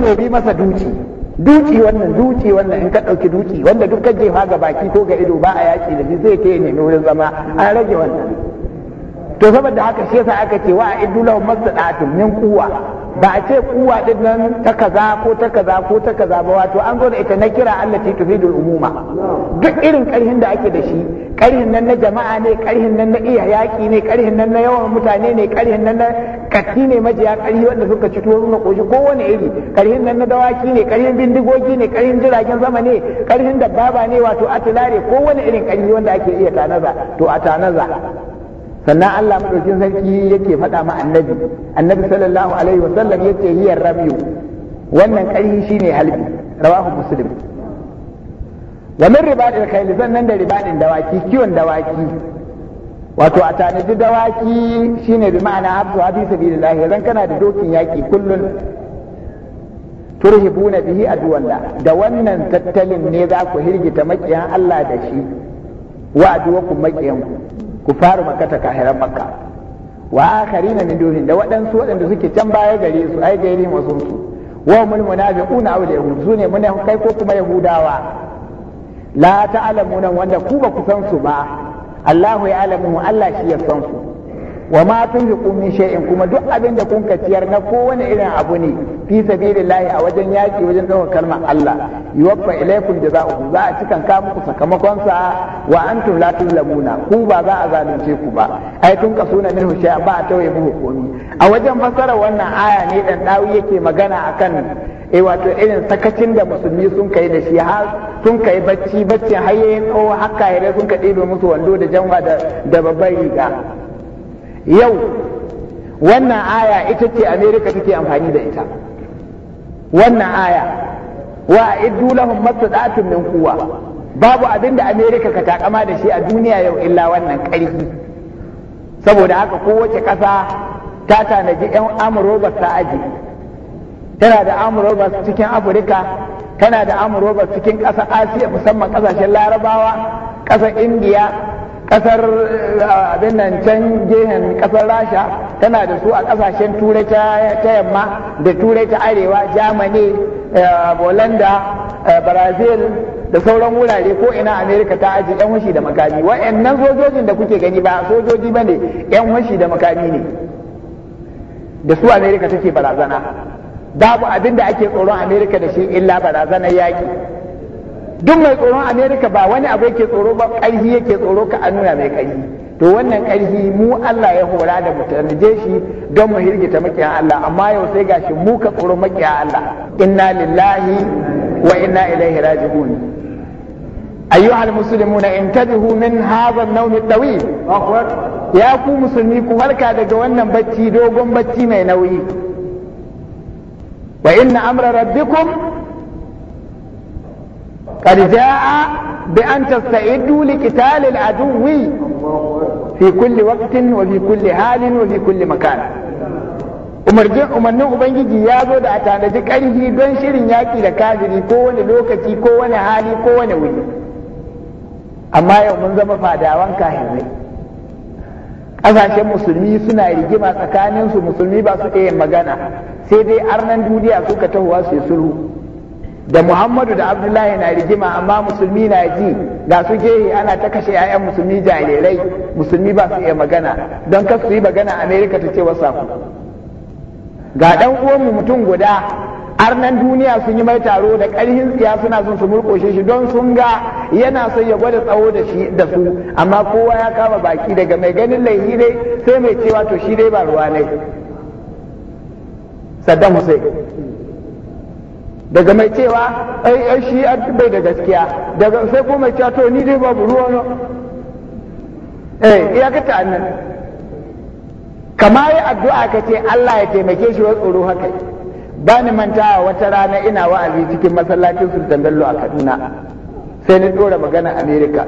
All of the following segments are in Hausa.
ne bi masa duci duci wannan duci wannan in ka ɗauki duci wanda duk ka jefa ga baki ko ga ido ba a yaƙi da shi zai ta ne wurin zama an rage wannan to saboda haka shi yasa aka ce wa iddu lahum mastata'atun min quwwa ba a ce kuwa din ta kaza ko ta kaza ko ta kaza ba wato an zo da ita na kira allati tufidul umuma duk irin karhin da ake da shi karhin nan na jama'a ne karhin nan na iya yaki ne karhin nan na yawan mutane ne karhin nan na katti ne majiya karhi wanda suka ci tuwo na koshi ko wani iri karhin nan na dawaki ne karhin bindigogi ne karhin jiragen zama ne karhin dabbaba ne wato atilare ko wani irin karhi wanda ake iya tanaza to a tanaza sannan Allah madaukin sarki yake faɗa ma annabi annabi sallallahu alaihi sallam yake hiyar rabiyu wannan ƙarhi shine halbi rawahu muslim wa min ribadil khayl sannan da ribadin dawaki kiwon dawaki wato a tanaji dawaki shine bi ma'ana habsu habi sabilillah kana da dokin yaki kullun turhibuna bihi aduwalla da wannan tattalin ne za ku hirgita makiyan Allah da shi wa aduwakum makiyanku ku faru makata kahiran makka wa akharina min dunin da waɗansu waɗanda suke can baya gare su ai gairi wasu su wa mul munafiquna aw yahud sune mun kai ko kuma yahudawa la ta'lamuna wanda ku ba ku san su ba Allahu ya alamu Allah shi ya san su wa ma tunfiqu min shay'in kuma duk abin da kun ciyar na kowane irin abu ne fi sabilillahi a wajen yaki wajen daukar kalmar Allah yuwaffa ilaykum da za a cikan ka muku sakamakon sa wa antum la lamuna, ku ba za a zalunce ku ba ai tun suna min shay'a ba a tawaye muku komi a wajen fassara wannan aya ne dan dawi yake magana akan e wato irin sakacin da musulmi sun kai da shi har sun kai bacci bacci har yayin tsawo haka yare sun ka domin musu wando da janwa da babban riga yau wannan aya ita ce amerika take amfani da ita wannan aya wa iddu lahum mastata'atun min quwwa babu abin da amerika ka takama da shi a duniya yau illa wannan ƙarfi saboda haka kowace ƙasa ta tanaji 'yan amurobas ta aji tana da amurobas cikin afirka tana da amurobas cikin ƙasa asiya musamman ƙasashen larabawa ƙasar indiya kasar eh, abin nan can gehen kasar rasha tana da su a kasashen turai ta yamma da turai ta arewa germany bolanda eh, eh, brazil da sauran wurare ko ina Amerika ta aji yan washi da makami wa'annan sojojin da kuke gani ba sojoji ba ne yan washi da makami ne da su Amerika take barazana babu abin da ake tsoron Amerika da shi illa barazanar yaki duk mai tsoron Amerika ba wani abu yake tsoro ba ƙarfi yake tsoro ka an nuna mai ƙarfi to wannan ƙarfi mu allah ya hora da mu tarnaje shi don mu hirgita makiya allah amma yau sai gashi mu ka tsoro makiya allah inna lillahi wa inna ilaihi raji'un أيها المسلمون انتبهوا من هذا النوم الطويل يا كو مسلمي كو هلكا daga wannan bacci dogon bacci mai nauyi wa inna amra rabbikum قد جاء بأن تستعدوا لقتال العدو في كل وقت وفي كل حال وفي كل مكان umarnin ubangiji ya zo da a tanaji ƙarfi don shirin yaƙi da kafiri ko wani lokaci ko wani hali ko wani wuri amma yau mun zama fadawan kahirai ƙasashen musulmi suna rigima tsakaninsu musulmi ba su iya magana sai dai arnan duniya suka tahowa su yi sulhu da muhammadu da abdullahi na rigima amma musulmi na ji ga su gehe ana ta kashe 'ya'yan musulmi jarirai musulmi ba su iya magana don kar su yi magana amerika ta ce wasa ku ga dan uwanmu mutum guda arnan duniya sun yi mai taro da ƙarhin tsiya suna son su murƙoshe shi don sun ga yana son ya gwada tsawo da shi da su amma kowa ya kama baki daga mai ganin laihi dai sai mai cewa to shi dai ba ruwa ne saddam hussein daga mai cewa ai ai shi bai da gaskiya daga sai ko mai cewa to ni dai babu ruwa no eh ya ka ta annan Kamar addu'a ka ce Allah ya taimake shi wa tsoro haka ba ni manta wata rana ina wa'azi cikin masallacin Sultan Bello a Kaduna sai ni dora magana America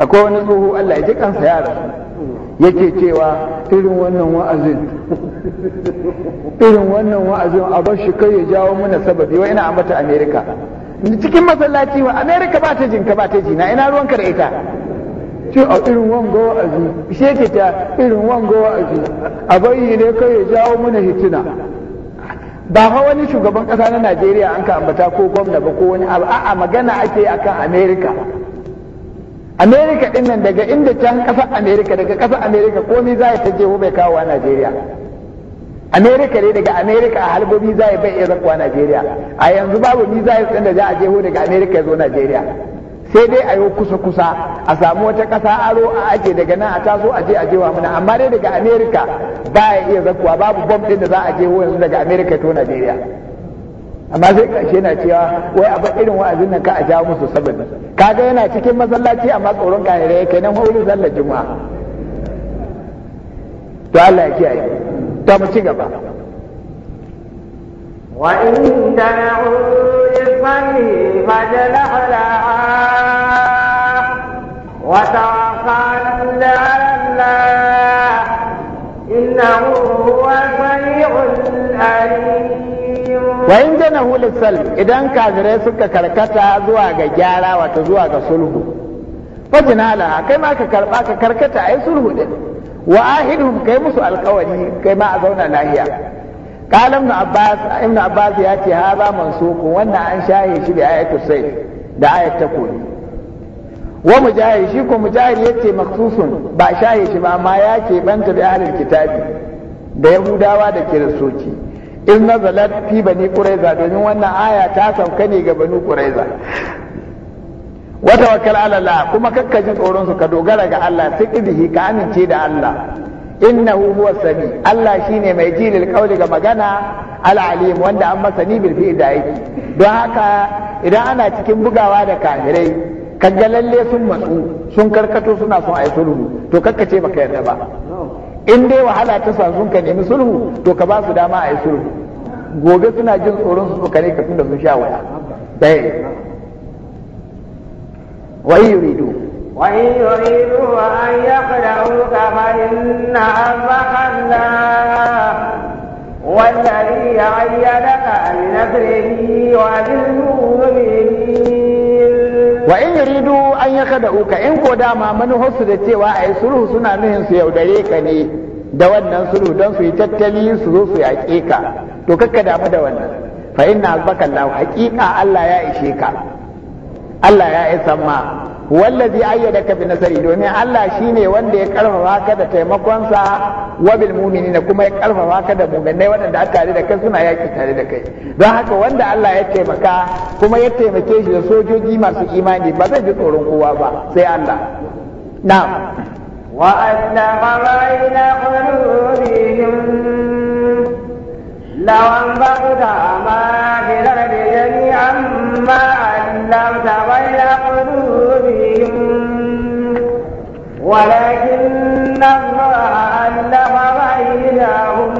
akwai wani tsoho Allah ya ji kansa ya rasu yake cewa irin wannan wa'azin irin wannan wa'azin a bar shi kai ya jawo mana sababi wa ina ambata America cikin masallaci wa America ba ta jinka ba ta jina ina ruwan da ita ce a irin wanga wa'azi shi yake ta irin wanga wa'azi a ne kai ya jawo mana hituna ba fa wani shugaban kasa na Najeriya an ka ambata ko gwamna ba ko wani a'a magana ake akan America amerika din nan daga inda can ƙasa amerika daga ƙasa amerika komai za ta jeho bai kawo najeriya amerika ne daga amerika a halbobi zaa ya bai iya zakuwa najeriya a yanzu babu biza ya da za a jeho daga amerika ya zo najeriya sai dai a yi kusa kusa a samu wata ƙasa aro a ake daga nan a taso a je a jewa muna amma dai daga amerika ba ya iya zakuwa babu bom ɗin da za a jeho yanzu daga amerika to najeriya amma sai kashi yana cewa wai abin irin wa'azin nan ka a jawo musu sabbin kaga yana cikin masallaci amma tsoron kayare yake nan wuri sallar juma'a to Allah ya kiyaye to mu ci gaba wa in da'u lisanni fajlah laha wa tawakkal 'ala Allah innahu huwa samii'ul 'aliim wa in huli sal idan kafirai suka karkata zuwa ga gyara wata zuwa ga sulhu fajinala kai ma ka karba ka karkata ai sulhu din wa ahidhum kai musu alkawari kai ma a zauna lahiya qala na abbas ibn abbas ya ce ba mansukun wannan an shahe shi da ayatul sayd da ayat takuni wa mujahid shi ko mujahid yace maksusun ba shaye shi ba amma ya ke banta da ahlul kitabi da yahudawa da kiristoci in nazalat fi bani quraiza domin wannan aya ta sauka ne ga bani quraiza wa tawakkal ala Allah kuma kakka tsoron su ka dogara ga Allah sikidihi ka amince da Allah innahu huwa sami Allah shine mai jilil kauli ga magana al alim wanda an masani bil fi'l da yake don haka idan ana cikin bugawa da kafirai kaga lalle sun matsu sun karkato suna son ayi sulhu to kakkace baka yarda ba in dai wahala ta samu ka nemi sulhu to ka ba su dama a yi sulhu gobe suna jin tsoron su suka ne kafin da sun sha waya dai wa yuridu wa yuridu an yaqra'u ka fa inna yi والذي أيدك بنصره وبالمؤمنين wa in yuridu an yaka da uka in ko dama manufarsu da cewa a yi sulhu suna nuhin su yaudare ka ne da wannan sulhu don su yi tattali su zo su yaƙe ka to kakka damu da wannan fa inna baka Allah haƙiƙa Allah ya ishe ka Allah ya isa ma wallazi ayyadaka bi nazari domin Allah shine wanda ya karfafa ka da taimakonsa wa bil mu'minina kuma ya karfafa ka da mu'minai waɗanda aka tare da kai suna yaki tare da kai don haka wanda Allah ya taimaka kuma ya taimake shi da sojoji masu imani ba zai ji tsoron kowa ba sai Allah Na wa anna bayna qulubihim law an ba'da ma fi al jami'an ma allam tabayla qulubihim قلوبهم ولكن الله ألف بينهم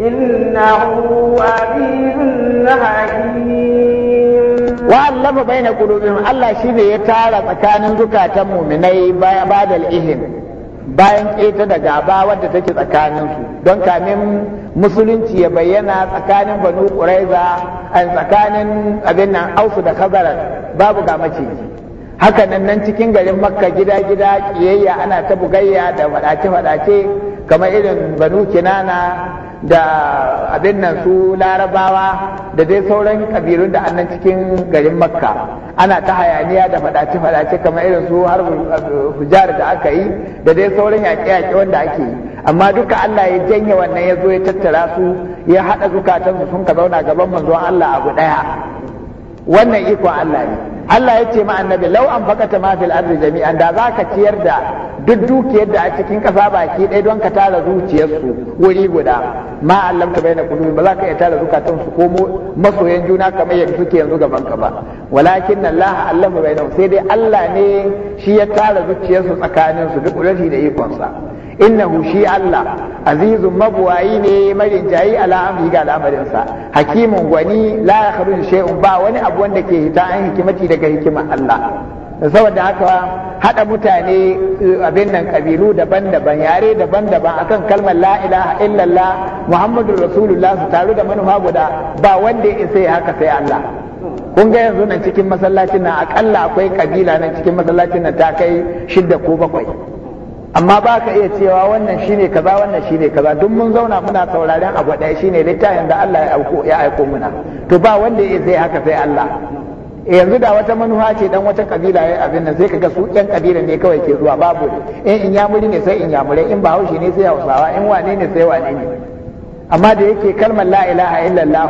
إنه عزيز حكيم وألف بين قلوبهم الله شبه يتعالى مكان زكاة مؤمني بعد الإهن bayan keta da gaba wadda take tsakaninsu don kamin musulunci ya bayyana tsakanin banu ƙuraiza a tsakanin abin nan ausu da kazarar babu ga mace haka nan nan cikin garin makka gida-gida kiyayya ana ta bugayya da faɗace-faɗace kamar irin banu kinana da abin nan su larabawa da dai sauran kabilun da annan cikin garin makka ana ta hayaniya da fadace-fadace kamar irin su har hujjar da aka yi da dai sauran yaƙe-yaƙe wanda ake yi amma duka Allah ya janye wannan ya zo ya tattara su ya haɗa zukatansu sun ka zauna gaban manzon Allah abu ɗaya wannan ikon Allah ne Allah ya ce ma annabi lau'an an fakata ma fil ardi jami'an da za ka ciyar da duk dukiyar da a cikin kasa baki ɗaya don ka tara zuciyarsu wuri guda ma Allah ta bayyana kulubi ba za ka iya tara zukatan ko masoyan juna kamar yadda suke yanzu gaban ka ba walakin Allah Allah bayyana sai dai Allah ne shi ya tara zuciyarsu tsakanin su duk rashi da ikonsa. Inna innahu shi Allah azizun mabuwayi ne marin jayi ala amri ga al'amarin sa hakimun gwani la yakhruju shay'un ba wani abu wanda ke hita an hikimati da ga hikimar Allah saboda haka hada mutane abin nan kabilu daban-daban yare daban-daban akan kalmar la ilaha illallah muhammadur rasulullah su taru da manufa guda ba wanda ya sai haka sai Allah kun ga yanzu nan cikin masallacin nan akalla akwai kabila nan cikin masallacin nan ta kai shida ko bakwai amma ba ka iya cewa wannan shine kaza wannan shine kaza duk mun zauna muna sauraren abu ɗaya shine littafin da Allah ya aiko ya aiko muna to ba wanda ya sai haka sai Allah Eh, yanzu da wata manuha ce dan wata kabila yayin abin nan sai kaga su yan kabila ne kawai ke zuwa babu in inyamuri ne sai in mure. in bahaushe ne sai hausawa in wane ne sai wane ne amma da yake kalmar la ilaha illallah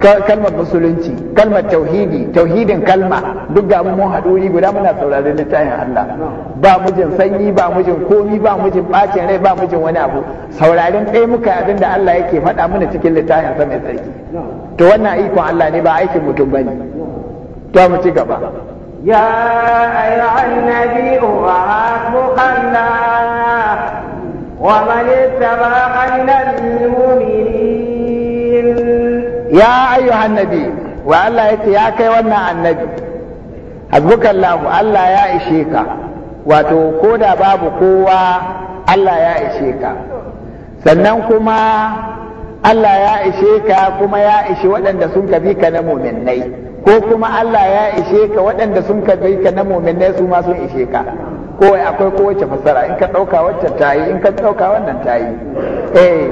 ce kalmar musulunci kalmar tauhidi tauhidin kalma duk ga mun haduri guda muna sauraron littafin Allah ba mujin sanyi ba mujin komi ba mujin bacin rai ba mujin wani abu sauraron kai muka abin da Allah yake faɗa mana cikin littafin sa mai tsarki to wannan aikin Allah ne ba aikin mutum bane ta mu ci gaba ya ayyuhan nabiyyu rabbuka allah wa man ittaba'aka minal mu'minin ya ayyuhan nabi wa Allah yace ya kai wannan annabi hasbuka allah Allah ya ishe ka wato da babu kowa Allah ya ishe ka sannan kuma Allah ya ishe ka kuma ya ishe waɗanda sun ka bi ka na muminai ko kuma Allah ya ishe ka waɗanda sun ka bi ka na muminai su ma sun ishe ka ko akwai kowace fassara in ka ɗauka waccan ta yi in ka ɗauka wannan ta yi eh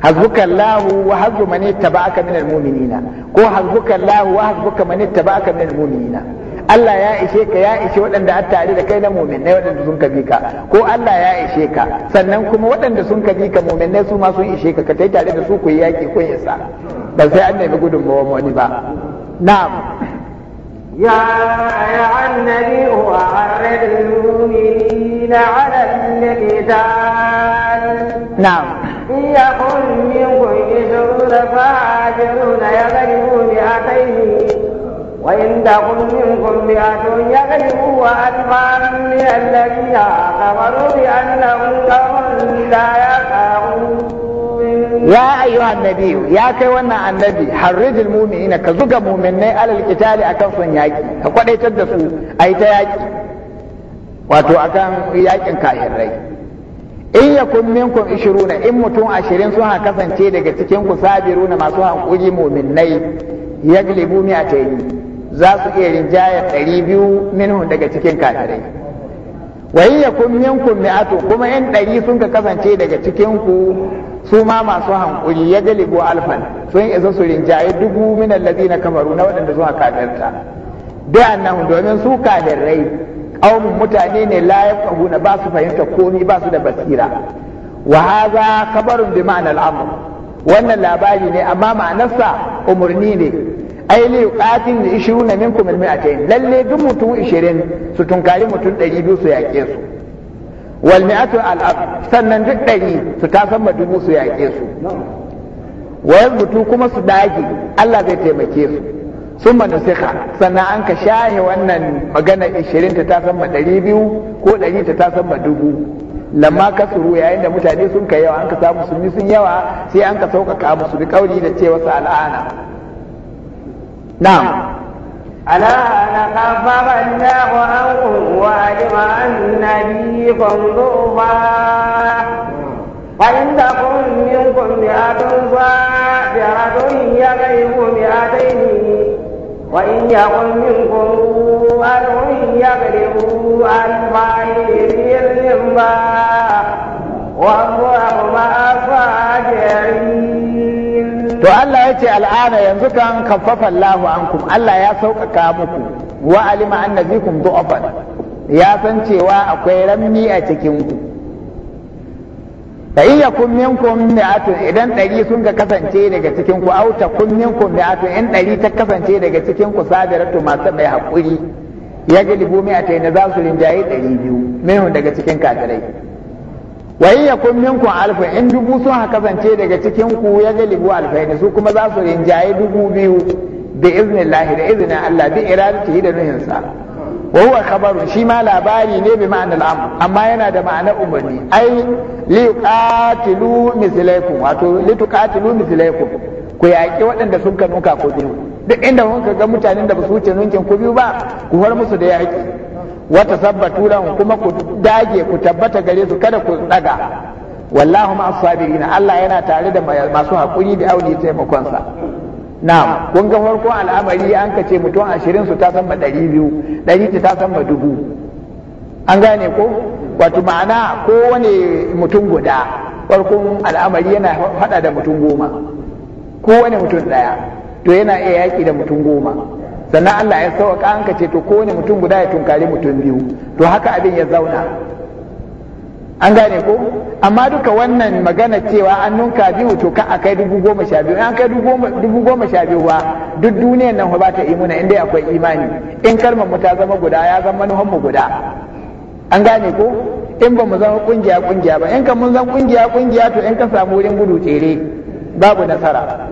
hasbuka Allah wa hasbu man ittaba'aka min almu'minina ko hasbuka Allah wa hasbuka man ittaba'aka min almu'minina Allah ya ishe ka ya ishe waɗanda a tare da kai na muminai waɗanda sun kabi ka ko Allah ya ishe ka sannan kuma waɗanda sun kabi ka muminai su ma sun ishe ka ka tai tare da su ku yi yaƙi ya sa ba sai an nemi ba wani ba na'am يا أيها النبي أعرض المؤمنين على القتال نعم يكن منكم تكن منكم مئة يغلبوا ألفا من الذين كفروا بأنهم قوم لا يفقهون يا ايها النبي يا كيوانا النبي حرج المؤمنين كزوجة مؤمنين على القتال أكن صنياكي أقول أي تدسوا أي تياكي واتو in ya minkum ishiruna in mutum ashirin suna kasance daga cikin ku sabiruna masu hakuri muminnai yaglibu mi a za su iya rinjaya ɗari biyu minhun daga cikin kafirai wa kun yakun minkum mi'atu kuma yan ɗari sun ka kasance daga cikin ku su ma masu hankuli ya galibu alfan sun isa su rinjaye dubu min na kamaru na waɗanda suka kafirta da annan domin su kafirai qaumun mutane ne la yafqahuna ba su fahimta komi ba su da basira wa hadha khabarun bi ma'na al wannan labari ne amma ma'anarsa umarni ne ai li qatil li na minkum al 200 lalle duk mutum 20 su tunkari mutum 200 su yaƙe su wal mi'atu al sannan duk 100 su tasan ma dubu su yaƙe su wayan mutu kuma su dage Allah zai taimake su sun ma nusika sannan an ka shaye wannan magana 20 ta tasan ɗari 200 ko 100 ta tasan dubu lamma ka suru, yayin da mutane sun kai yawa an ka samu yi sun yawa sai an ka sauƙaƙa musu bi kauli da cewa sa al'ana نعم ألا لكفر الله عنهم وعلم أن فيكم ضعفا فإن تكن منكم مئة صابرة يغلب مئتين وإن يكن منكم ألف يغلبوا ألفين بإذن الله والله مع الصابرين to Allah ya ce al'ana yanzu kan kaffafa Allahu ankum Allah ya sauƙaƙa muku wa alima anna du'afan ya san cewa akwai rammi a cikin ku fa kun min minkum mi'atun idan ɗari sun ka kasance daga cikin ku aw takun minkum mi'atun in ɗari ta kasance daga cikin ku sabiratu masu mai haƙuri ya galibu mi'atai na za su rinjaye ɗari biyu min daga cikin kafirai Wai ya kun min ku alfa in dubu sun haka kasance daga cikin ku ya galibu ne su kuma za su rinjaye dubu biyu bi iznillahi da iznin Allah bi iradati da sa wa huwa khabaru shi ma labari ne bi ma'anar al'am amma yana da ma'ana umarni ai li qatilu mislaikum wato li tuqatilu mislaikum ku yaƙi waɗanda sun ka nuka ko biyu duk inda kun ga mutanen da ba su wuce nunkin ku biyu ba ku har musu da yaƙi wata sabbatu lahum kuma ku dage ku tabbata gare su kada ku tsaga wallahu ma sabirin Allah yana tare da masu hakuri da auni taimakon sa na'am kun ga farko al'amari an ka ce mutum 20 su ta san ba 200 100 ta san ba dubu an gane ko wato ma'ana ko wani mutum guda farkon al'amari yana fada da mutum goma ko wani mutum daya to yana iya yaki da mutum goma sannan Allah ya sauka an ka ce to kowane mutum guda ya tunkari mutum biyu to haka abin ya zauna an gane ko amma duka wannan magana cewa an nunka biyu to ka a kai dubu goma sha biyu an kai dubu goma sha biyu ba duk duniyan nan ba ta imuna inda akwai imani in kalmar mu ta zama guda ya zama manuhan mu guda an gane ko in ba mu zama kungiya kungiya ba in ka mun zama kungiya kungiya to in ka samu wurin gudu tsere babu nasara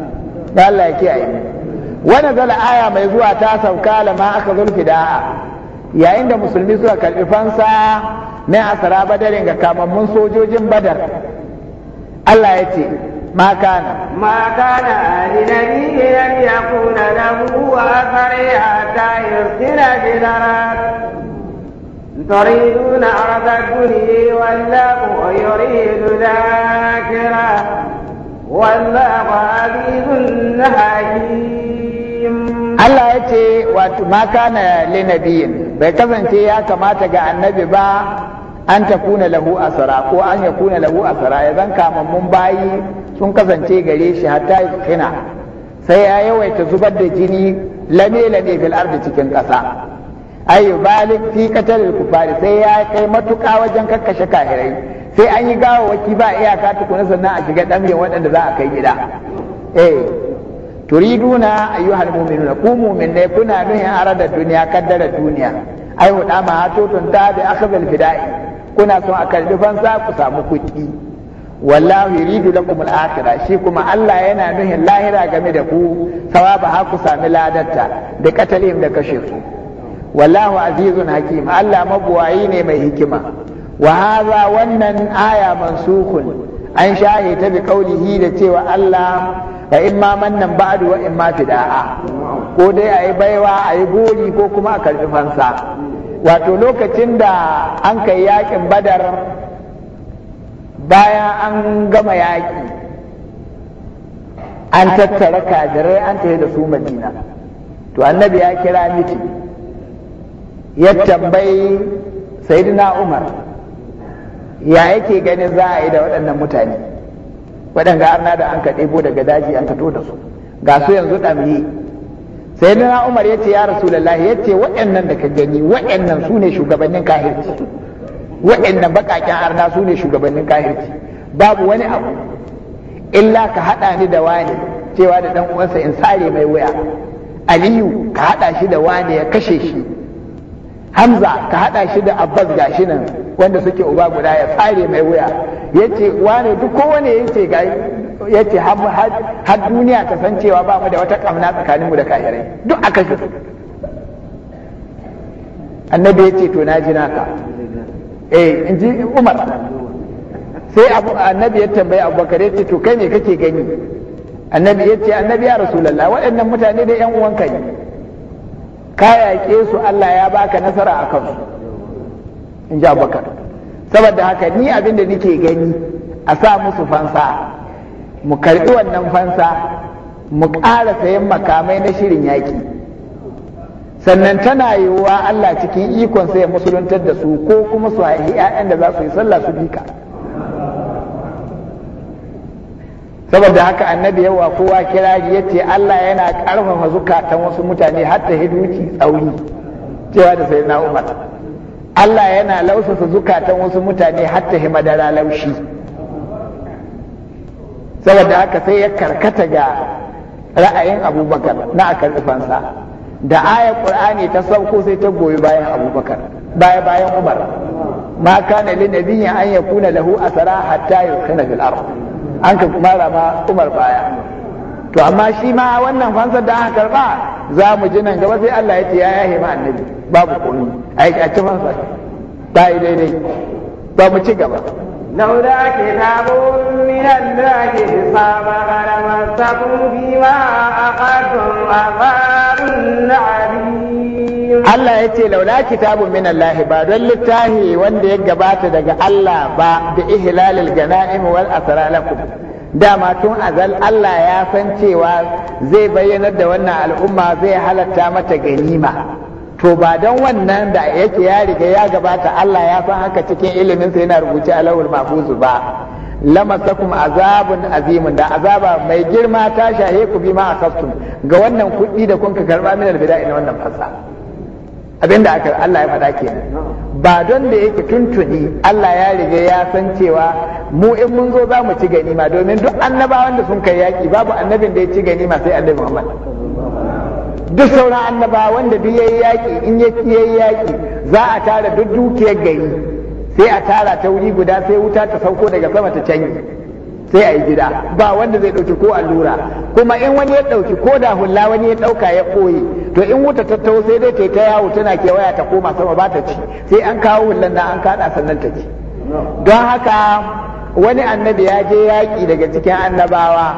da Allah ya kiyaye mu wani zala aya mai zuwa ta sauka lama aka zulfi da'a yayin da musulmi suka karɓi fansa na asara badarin ga kamammun sojojin badar Allah ya ce ma kana ma kana linabi na yakuna lahu athari hatta yusira bil تريدون عرض الدنيا والله يريد الآخرة والله عزيز حكيم Allah ya ce wato ma kana linabiyin bai kasance ya kamata ga annabi ba an ta kuna lahu asara ko an ya kuna lahu asara ya zan kamammun bayi sun kasance gare shi hatta kina sai ya yawaita zubar da jini lame lame fil ardi cikin ƙasa ay balik fi qatal kufari sai ya kai matuka wajen kakkashe kahirai sai an yi waki ba iyaka tukuna sannan a shiga dambe waɗanda za a kai gida eh turiduna ayyuhal mu'minuna ku mu'minai kuna nuhin arada duniya kaddara duniya ai huda ma hatutun ta bi akhzal bida'i kuna son a karbi fansa ku samu kuɗi wallahu yuridu lakum al-akhirah shi kuma Allah yana nuhin lahira game da ku sawaba ha ku sami ladarta da katalihim da kashe su wallahu azizun hakim Allah mabuwayi ne mai hikima wa hadha wannan aya mansukun an shahe ta bi qaulihi da cewa Allah fa in ma mannan ba'du wa in ma fida'a ko dai ayi baiwa ayi yi gori ko kuma a karɓi fansa wato lokacin da an kai yakin badar bayan an gama yaƙi an tattara kajirai an tafi da su madina to annabi ya kira miti ya tambayi sayyidina umar ya yake ganin za a yi da waɗannan mutane waɗanga arna da an ka ɗebo daga daji an tato da su ga su yanzu ɗamri sai na umar ya ce ya rasulullahi ya ce waɗannan da ka gani waɗannan su ne shugabannin kahirci waɗannan baƙaƙen arna su ne shugabannin kahirci babu wani abu illa ka haɗa ni da wani cewa da ɗan uwansa in sare mai wuya aliyu ka haɗa shi da wani ya kashe shi hamza ka haɗa shi da abbas gashi nan wanda suke uba guda ya tsare mai wuya Ya ce wane duk kowane gai ya ce har duniya ta san cewa ba mu da wata kamna tsakanin mu da kahirai duk aka shi annabi ya ce to na ji naka eh in ji Umar sai abu annabi ya tambaye Abubakar ya ce to kai ne kake gani annabi ya ce annabi ya rasulullah waɗannan mutane da yan uwanka ne ka yaƙe su Allah ya baka nasara a kansu in ji abubakar saboda haka ni abin da nake gani a sa musu fansa mu karɓi wannan fansa mu ƙara sayan makamai na shirin yaƙi sannan tana yiwuwa Allah cikin ikon sai musuluntar da su ko kuma su haihi 'ya'yan da za su yi sallah su bika saboda haka annabi yawa kowa kira ya ce Allah yana ƙarfafa zukatan wasu mutane hatta hiduci tsauri cewa da sai na umar Allah yana lausasa zukatan wasu mutane hatta himadara laushi saboda haka sai ya karkata ga ra'ayin abubakar na a karɓi da ayar ƙur'ani ta sauko sai ta goyi bayan abubakar baya bayan umar ma kana lin nabiyyin an yakuna lahu asara hatta yukhna fil ard an ka mara rama umar baya to amma shi ma wannan fansar da aka karba za mu ji nan gaba sai Allah ya ce ya yahe ma annabi babu komai ai a ci fansar ta yi daidai ba mu ci gaba minan لولا كتاب من الله ma لمسكم فيما أخذتم عذاب Allah ya ce laula kitabu min Allah ba don littafi wanda ya gabata daga Allah ba da ihlalil ganaim wal lakum dama tun azal Allah ya san cewa zai bayyanar da wannan al'umma zai halatta mata ganima to ba don wannan da yake ya riga ya gabata Allah ya san haka cikin ilimin sa yana rubuce a lawul ba lamasakum azabun azimun da azaba mai girma ta shahe ku bi ma akaftum ga wannan kuɗi da kun ka karba min albida'i na wannan fasa abin da aka Allah ya faɗa ke ba don da yake tuntuni Allah ya riga ya san cewa mu in mun zo za mu ci gani ma domin duk annabawan da sun kai yaki babu annabin da ya ci ganima sai annabi Muhammad duk sauran annaba wanda duk yayi yaki in ya yayi yaki za a tara duk dukiyar gari sai a tara ta wuri guda sai wuta ta sauko daga sama ta canji sai a yi gida ba wanda zai ɗauki ko allura kuma in wani ya ɗauki ko da hulla wani ya ɗauka ya ɓoye to in wuta ta taho sai dai ta ta yawo tana kewaya ta koma sama ba ta ci sai an kawo hullan da an kada sannan ta ci don haka wani annabi ya je yaƙi daga cikin annabawa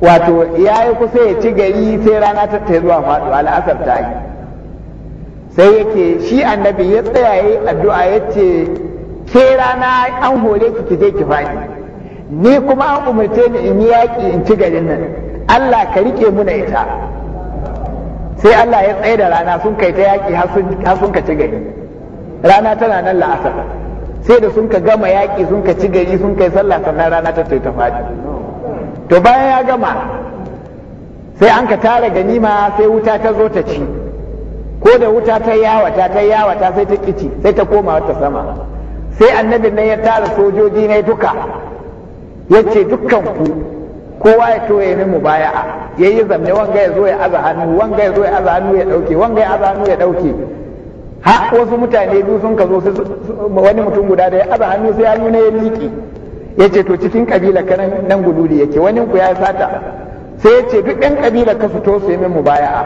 wato ya yi kusa ya ci gari sai rana ta ta zuwa faɗo al'asar ta yi sai yake shi annabi ya tsaya ya addu'a ya ce ke rana an hore ki ki je ki faɗi ni kuma an umarce ni in yi yaƙi in ci garin nan Allah ka rike muna ita sai Allah ya tsaye da rana sun kai ta yaƙi har sun ka ci gari rana tana nan la'asar sai da sun ka gama yaƙi sun ka ci gari sun kai sallah sannan rana ta ta faɗi to bayan ya gama sai an ka tara ganima sai wuta ta zo ta ci ko da wuta ta yawata ta yawata sai ta kici sai ta koma wata sama sai Annabi nan ya tara sojoji ne duka ya ce dukkan ku kowa ya to ya mu baya'a yayi zamne wanga ya zo ya aza hannu wanga ya zo ya aza hannu ya dauke wanga ya aza hannu ya dauke ha wasu mutane biyu sun ka zo wani mutum guda da ya aza hannu sai hannu ne ya miƙe ya ce to cikin kabila ka nan guduli yake wani ku ya sata sai ya ce duk yan kabila ka fito su yi mu baya'a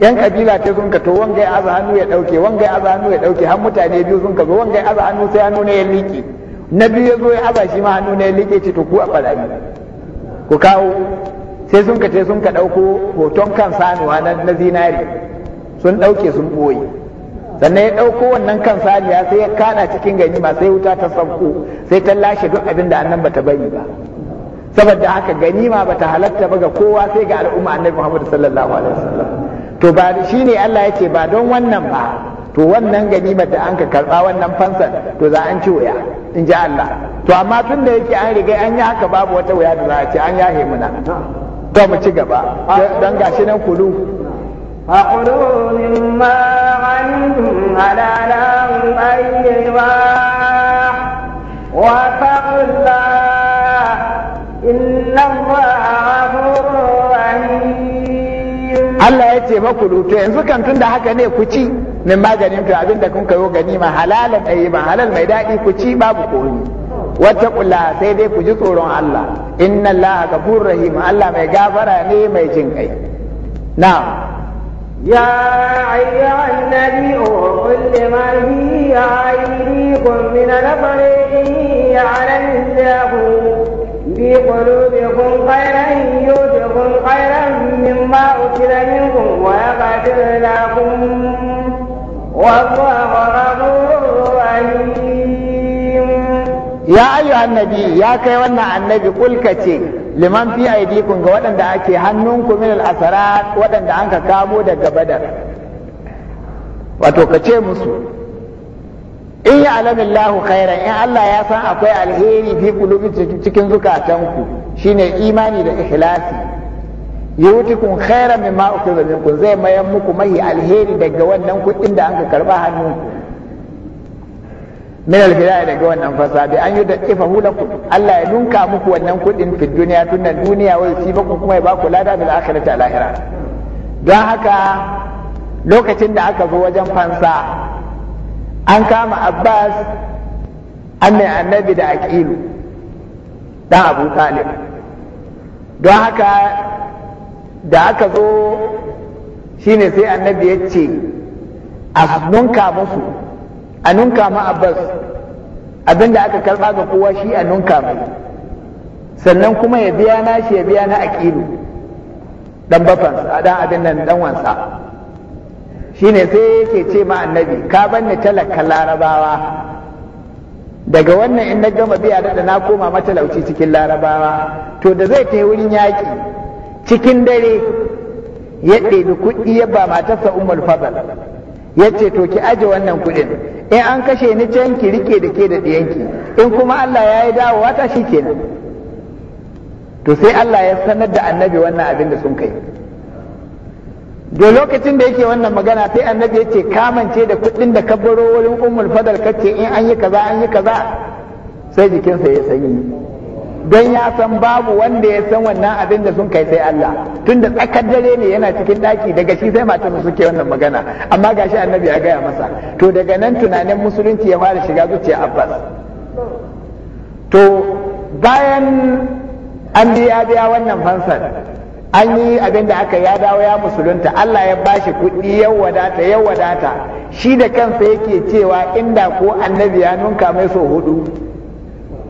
yan kabila ta sun ka to wanga ya aza hannu ya dauke wanga ya aza hannu ya dauke har mutane biyu sun ka zo wanga ya aza hannu sai hannu ne ya miƙe na biyu ya zo ya aza shi ma hannu ne ya liƙe ce to ku a barayi ku kawo sai sun kace sun ka ɗauko hoton kan sanuwa na zinari sun ɗauke sun ɓoye sannan ya ɗauko wannan kan saniya sai ya kada cikin ganima sai wuta ta sauko sai ta lashe duk abin da annan bata bari ba saboda haka ganima bata halatta ba ga kowa sai ga al'umma annabi Muhammad sallallahu alaihi wasallam to ba shine Allah ya ba don wannan ba to wannan ganimar da an ka karba wannan fansan, to za an ci wuya in ji Allah to amma tun da yake an riga an yi haka babu wata wuya da za a ce an yahe muna to mu ci gaba don gashi nan kulu مما حلالا طيبا Allah ya ce maku to yanzu kan tun da haka ne ku ci min maganin to abin da kun kayo ganima halalan ma halal mai daɗi ku ci babu komi wata kula sai dai ku ji tsoron Allah inna Allah gafur rahim Allah mai gafara ne mai jin kai na يا أيها النبي قل لمن هي أيديكم من الأمر إن الله في خيرا يؤتكم خيرا مما أكل منهم ويغفر لكم والله غفور رحيم يا أيها النبي يا كيوانا النبي قل liman fi aidikun ga waɗanda ake hannunku min al'asarat waɗanda an ka kamo daga badar wato ka ce musu in ya alamin lahu khairan in Allah ya san akwai alheri fi kulubi cikin zukatanku shine imani da ikhlasi kun khaira min ma ukhidha minkum zai mayan muku mai alheri daga wannan kuɗin da anka karba hannu min alhira daga wannan fasadi an yi da ifa hulaku Allah ya dunka muku wannan kuɗin fi duniya tun duniya wai ba baku kuma ya ku lada bil akhirati al akhirah don haka lokacin da aka zo wajen fansa an kama Abbas annabi annabi da aqilu dan Abu Talib don haka da aka zo shine sai annabi ya ce a nunka musu a nunka ma abbas abinda aka karba ga kowa shi a nunka mai sannan kuma ya biya na shi ya biya na aqilu dan bafan dan abin nan dan wansa shine sai yake ce ma annabi ka banni talaka larabawa daga wannan in na gama biya da na koma matalauci cikin larabawa to da zai kai wurin yaƙi cikin dare ya ɗebi kuɗi ya ba matarsa umar fadal ya ce to ki aje wannan kuɗin in an kashe ni can ki rike da ke da ɗiyanki in kuma Allah ya yi dawowa ta shi kenan to sai Allah ya sanar da annabi wannan abin da sun kai da lokacin da yake wannan magana sai annabi ya ce kamance da kuɗin da kabbaro wurin umar fadal kace in an yi kaza an yi kaza sai jikinsa ya sanyi don ya san babu wanda ya san wannan abin da sun kai sai Allah tunda tsakar dare ne yana cikin daki daga shi sai matan suke wannan magana amma gashi annabi ya gaya masa to daga nan tunanin musulunci ya fara shiga zuciya Abbas to bayan an biya biya wannan fansar an yi abin da aka ya dawo ya musulunta Allah ya bashi kuɗi ya wadata ya wadata shi da kansa yake cewa inda ko annabi ya nunka mai so hudu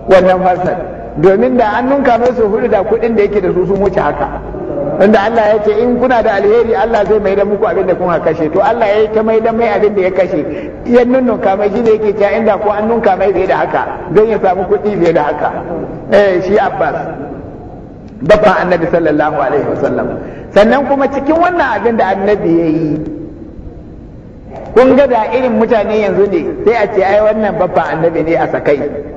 wannan fansar domin da an nunka su hudu da kuɗin da yake da su sun wuce haka inda Allah ya ce in kuna da alheri Allah zai mai da muku abin da kun kashe to Allah ya ta mai da mai abin da ya kashe yan nunnunka shi ne yake cewa inda ko an nunka mai da haka don ya samu kuɗi bai da haka eh shi Abbas babban annabi sallallahu alaihi wasallam sannan kuma cikin wannan abin da annabi ya yi kun ga da irin mutane yanzu ne sai a ce ai wannan babban annabi ne a sakai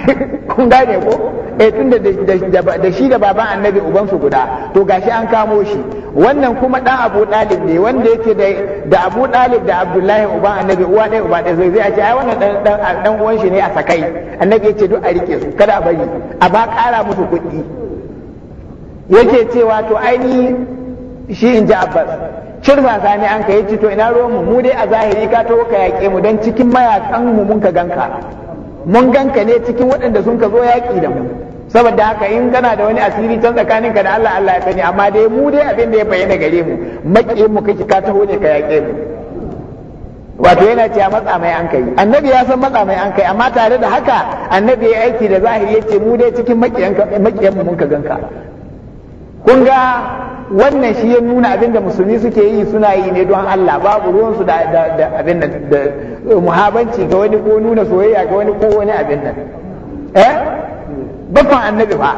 kun gane ko eh tun da shi da baban annabi ubansu guda to gashi an kamo shi wannan kuma dan abu dalib ne wanda yake da da abu dalib da abdullahi uban annabi uwa ɗaya uba ɗaya zai a ce ai wannan dan dan uwan shi ne a sakai annabi yace duk a rike su kada a bari a ba kara musu kuɗi yake cewa to aini shi in ji abbas cirma sani an ka yace to ina ruwan mu mu dai a zahiri ka to ka yake mu dan cikin mayakan mu mun ka ganka mun ganka ne cikin waɗanda sun ka zo yaƙi da mu saboda haka in kana da wani asiri can tsakaninka da Allah Allah ya sani amma dai mu dai abin da ya bayyana gare mu maƙiyin mu kake ka taho ne ka yaƙe mu wato yana cewa matsa mai an kai annabi ya san matsa mai an kai amma tare da haka annabi ya aiki da zahiri ya ce mu dai cikin maƙiyan mu mun ka ganka kun ga wannan shi ya nuna abin da musulmi suke yi suna yi ne don Allah babu ruwansu da abin da muhabanci ga wani ko nuna soyayya ga wani ko wani abin nan eh bakon annabi ba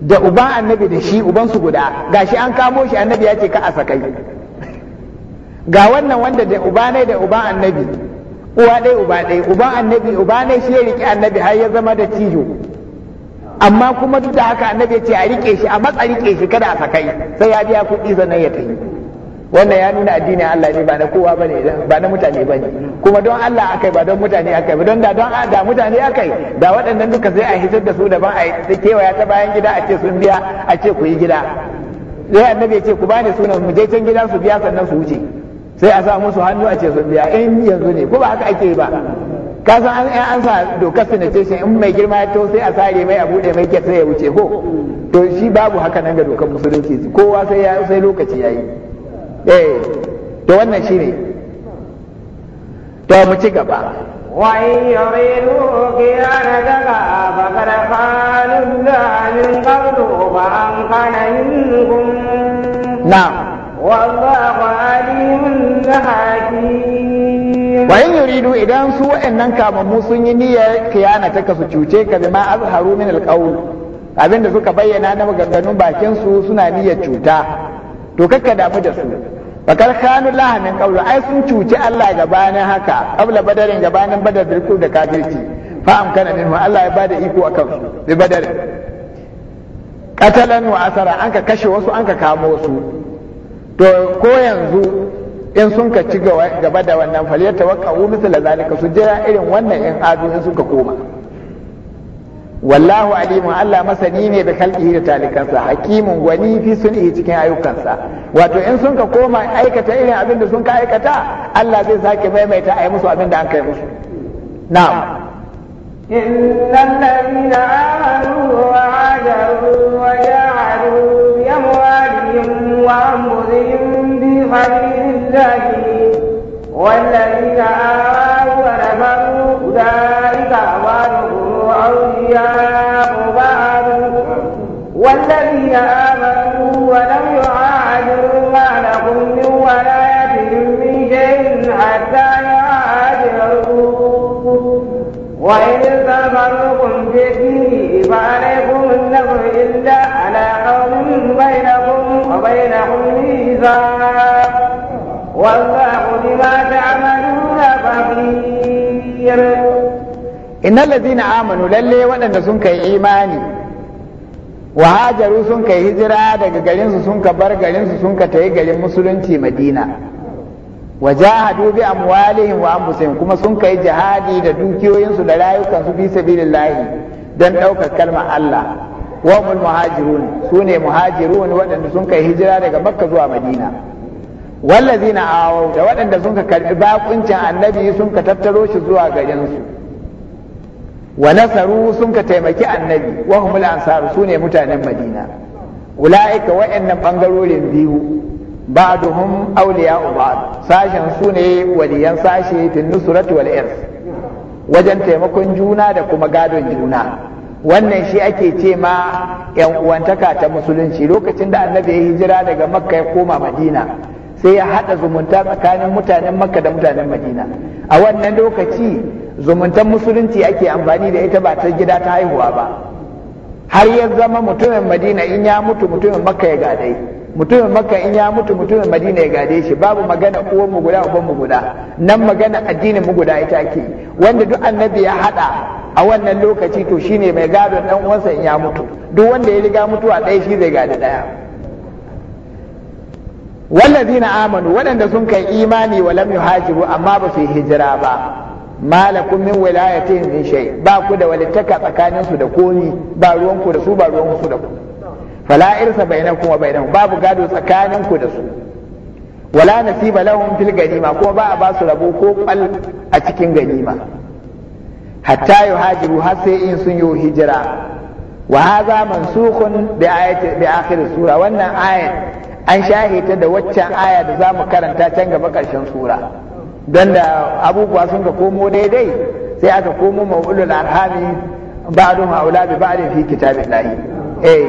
da uban annabi da shi uban su guda gashi an kamo shi annabi ya ce ka a sakai ga wannan wanda da uba ne da uban annabi uwa ɗaya uba ɗaya uban annabi uba ne shi ya riƙe annabi har ya zama da cijo amma kuma duk da haka annabi ya ce a rike shi a matsa rike shi kada a sakai sai ya biya kuɗi sannan ya tafi wannan ya nuna addini Allah ne ba na kowa bane ba na mutane bane kuma don Allah akai ba don mutane akai ba don da don da mutane akai da waɗannan duka sai a hitar da su daban a kewaya ta bayan gida a ce sun biya a ce ku yi gida sai annabi ya ce ku bani sunan mu je can gida su biya sannan su wuce sai a sa musu hannu a ce sun biya in eh, yanzu ne ko ba haka ake ba ka san an an sa dokar sanitation in mai girma ya sai a sare mai a bude mai kyat sai ya wuce ko to shi babu haka nan ga dokar musulunci kowa sai ya sai lokaci yayi eh to wannan shine to mu ci gaba wa in yuridu qiyanataka faqad qala min qablu fa kana minkum na wallahu alimun hakim yuridu idan su waɗannan kamammu sun yi niyyar kiyana ta kasu cuce ka ma azharu min abin abinda suka bayyana na maganganun bakin su suna niyyar cuta to kakka damu da su bakar khanu laha min ai sun cuci Allah gabanin haka qabla badarin gabanin badar bil da kafirci fa amkana minhu Allah ya bada iko akan su bi badarin qatalan wa asara anka kashe wasu anka kamo wasu to ko yanzu in sun ka ci gaba da wannan faliyar tawakka'u da zalika su jira irin wannan in azu in suka koma wallahu alimun Allah masani ne da kalbihi da talikansa hakimun wani fi sun yi cikin ayyukansa wato in sun ka koma aikata irin abin da sun ka aikata Allah zai sake maimaita a yi musu abin da an kai musu na'am حميم ذاكرين والذين آمنوا ونفروا أولئك أعوانهم أولياء بعض والذين آمنوا ولم يعاهدوا ما لهم من ولايتهم من شيء حتى يعاهدوا وإن استغفروكم في الدين فعليكم النفع إلا على قوم بينكم وبينهم ميثاق والله بما تعملون بصير إن الذين آمنوا للي وأن سنك إيماني وهاجروا سنك هجرة daga garinsu sun ka bar garinsu sun ka tayi garin musulunci Madina wajahadu bi a wa anfusihim kuma sun kai jihadi da dukiyoyinsu da rayukansu fi sabilillahi don ɗaukar kalmar Allah wa muhajirun sune muhajirun waɗanda sun kai hijira daga Makka zuwa Madina wallazina awau da waɗanda sun ka karbi bakuncin annabi sun ka tattaro shi zuwa garinsu su wa nasaru sun ka taimaki annabi wa humul ansar su ne mutanen madina ula'ika waɗannan bangarorin biyu ba'duhum awliya ubad sashen su ne waliyan sashe tin nusrat wal irs wajen taimakon juna da kuma gadon juna wannan shi ake ce ma yan uwantaka ta musulunci lokacin da annabi ya hijira daga makka ya koma madina sai ya haɗa zumunta tsakanin mutanen makka da mutanen madina a wannan lokaci zumuntan musulunci ake amfani da ita ba ta gida ta haihuwa ba har ya zama mutumin madina in ya mutu mutumin makka ya gadai mutumin makka in ya mutu mutumin madina ya gade shi babu magana uwan mu guda uban mu guda nan magana addinin mu guda ita ake wanda duk annabi ya haɗa a wannan lokaci to shine mai gadon dan uwansa in ya mutu duk wanda ya riga mutuwa ɗaya shi zai gadi ɗaya wallazina amanu waɗanda sun kai imani wa lam yuhajiru amma basu yi hijira ba malakum min wilayatihim min shay ba ku da walittaka tsakanin da komi ba ruwan da su ba ruwan da ku fala irsa bainakum wa bainahum babu gado tsakanin ku da su wala nasiba lahum fil ganima kuma ba a ba rabo ko kwal a cikin ganima hatta yuhajiru har sai in sun yi hijira wa hadha mansukhun bi ayati bi akhir sura wannan ayat an shahe ta da waccan aya da za mu karanta can gaba ƙarshen sura don da abubuwa sun ka komo daidai sai aka komo ma'ulul arhami ba'dun aula bi ba'din fi kitabillahi eh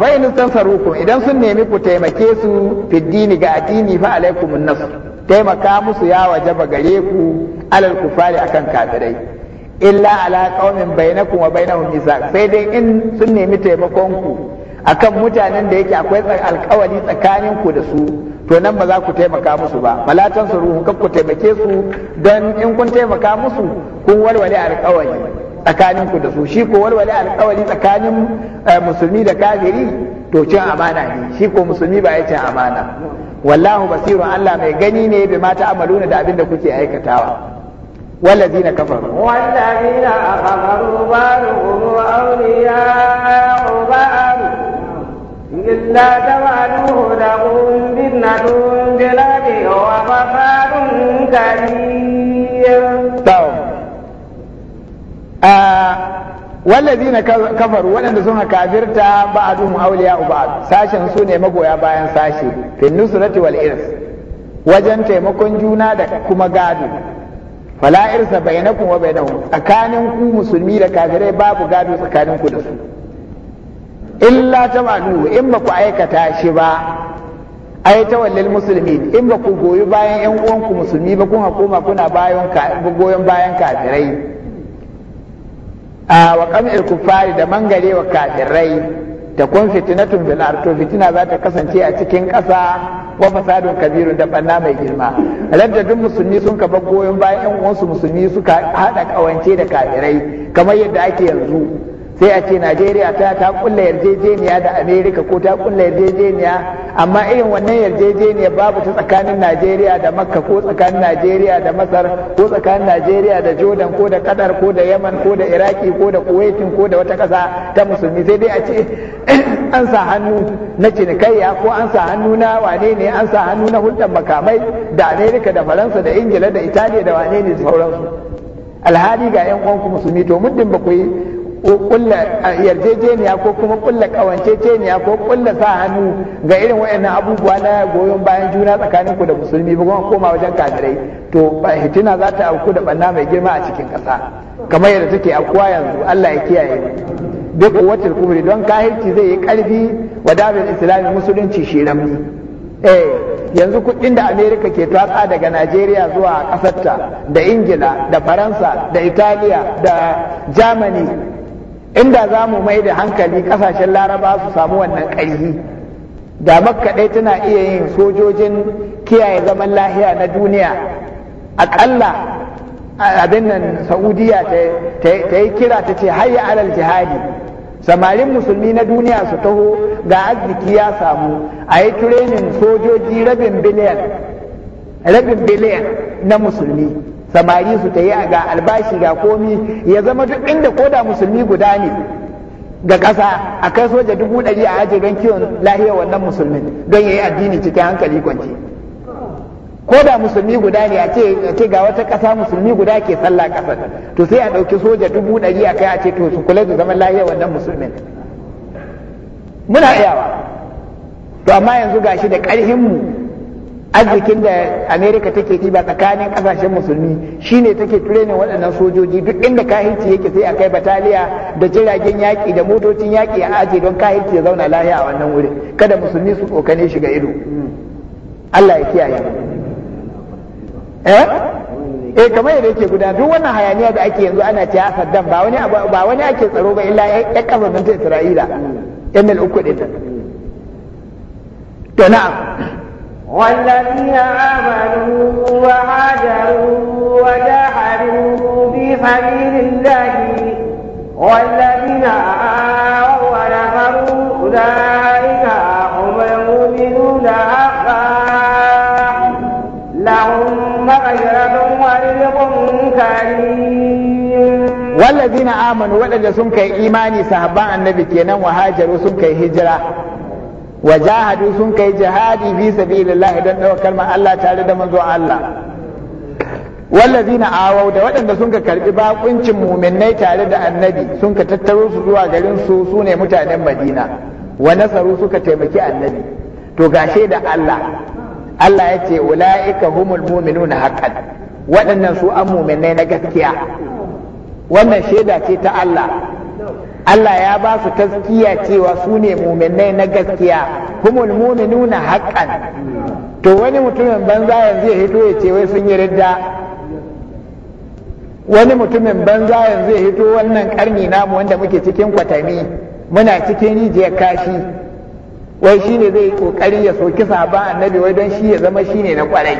wa in tansarukum idan sun nemi ku taimake su fiddini ga addini fa alaikum nasu, taimaka musu ya wajaba gare ku alal kufari akan kafirai illa ala qaumin bainakum wa bainahum misa sai dai in sun nemi taimakon ku akan mutanen da yake akwai alkawari tsakanin ku da su to nan ba za ku taimaka musu ba malatan su ruhu kan ku taimake su don in kun taimaka musu kun walwale alkawari tsakanin ku da su shi ko walwale alkawari tsakanin eh, musulmi da kafiri to cin amana ne shi ko musulmi ba ya cin amana wallahu basirun Allah mai gani ne bi mata amaluna da abin da kuke aikatawa والذين كفروا والذين ba. بعض إلا na kafar waɗanda في الأرض وفساد a طيب. والذين كفروا waɗanda kafirta ba'duhum awliya'u ba'd sashen su ne magoya bayan sashe fi nusrati wal irs wajen taimakon juna da kuma gado fala irsa bainakum wa bainahum tsakanin ku musulmi da kafirai babu gado tsakanin ku da su illa ta manu in ba ku aikata shi ba ai ta wallil musulmi in ba ku goyi bayan yan uwanku musulmi ba kun hakuma kuna bayan goyon bayan kafirai a wa kamil kufari da mangare wa kafirai da kun fitnatun bil arto fitina za ta kasance a cikin ƙasa wa fasadun kabirun da banna mai girma radda duk musulmi sun bar goyon bayan yan uwansu musulmi suka hada kawance da kafirai kamar yadda ake yanzu sai a ce najeriya ta ta kulla yarjejeniya da amerika ko ta kulla yarjejeniya amma irin wannan yarjejeniya babu ta tsakanin najeriya da makka ko tsakanin najeriya da masar ko tsakanin najeriya da jordan ko da kadar ko da yaman ko da iraki ko da kuwaitin ko da wata kasa ta musulmi sai dai a ce an sa hannu na cinikayya ko an sa hannu na wane ne an sa hannu na hulɗar makamai da amerika da faransa da ingila da italiya da wane ne sauransu alhali ga 'yan uwanku musulmi to muddin ba ku yi kulla yarjejeniya ko kuma kulla kawanceceniya ko kulla sa hannu ga irin waɗannan abubuwa na goyon bayan juna tsakanin ku da musulmi ba kuma koma wajen kafirai to hitina za ta auku da banna mai girma a cikin ƙasa kamar yadda take aukuwa yanzu Allah ya kiyaye duk wacce kubri don kahirci zai yi karfi wa dabin islami musulunci shi ramni eh yanzu kuɗin da amerika ke tatsa daga najeriya zuwa ƙasarta da ingila da faransa da italiya da germany inda za mu mai da hankali kasashen laraba su samu wannan ƙarfi da makka ɗai tana iya yin sojojin kiyaye zaman lahiya na duniya aƙalla abin nan Saudiyya ta yi kira ta ce hayya alal jihadi samarin musulmi na duniya su taho ga arziki ya samu a yi tirenin sojoji rabin biliyan na musulmi samari su ta yi ga albashi ga komi ya zama duk inda koda musulmi guda ne ga ƙasa a kai soja dubu ɗari a ajiye don kiwon lahiyar wannan musulmin don ya yi addini cikin hankali kwanci ko da musulmi guda ne a ce ga wata ƙasa musulmi guda ke sallah ƙasar to sai a ɗauki soja dubu ɗari a kai a ce to su kula da zaman lahiyar wannan musulmin muna iyawa to amma yanzu gashi da ƙarhinmu arzikin da amerika take ba tsakanin kasashen musulmi shine take ne waɗannan sojoji duk inda kahinci yake sai a kai bataliya da jiragen yaƙi da motocin yaƙi a aje don kahinci ya zauna lahiya a wannan wurin kada musulmi su tsokane shiga ga ido allah ya kiyaye eh eh kamar yadda yake guda duk wannan hayaniya da ake yanzu ana cewa saddam ba wani ba wani ake tsaro ba illa ya kafa ta isra'ila yan uku ɗin to na'am والذين آمنوا وهاجروا وجاهدوا في سبيل الله والذين آووا ونفروا أولئك هم المؤمنون حقا لهم مغفرة ورزق كريم والذين آمنوا ولد سنك إيماني صحبان النبي كينا وهاجروا سنك هجرة wa jahadu sun kai jihadi fi sabilillah don ɗaukar kalmar Allah tare da zo Allah wallazina awau da waɗanda sun ka karbi bakuncin muminai tare da annabi sun ka tattaro su zuwa garin su sune mutanen madina wa nasaru suka taimaki annabi to gashe da Allah Allah ya ce ula'ika humul muminuna haqqan waɗannan su an muminai na gaskiya wannan shaida ce ta Allah Allah ya ba su taskiya cewa su ne muminai na gaskiya humul nuna haqqan to wani mutumin banza yanzu ya hito ya ce wai sun yi ridda wani mutumin banza yanzu ya hito wannan karni namu wanda muke cikin kwatami muna cikin rijiyar kashi wai shi ne zai kokari ya soki saba annabi wai don shi ya zama shi ne na kwarai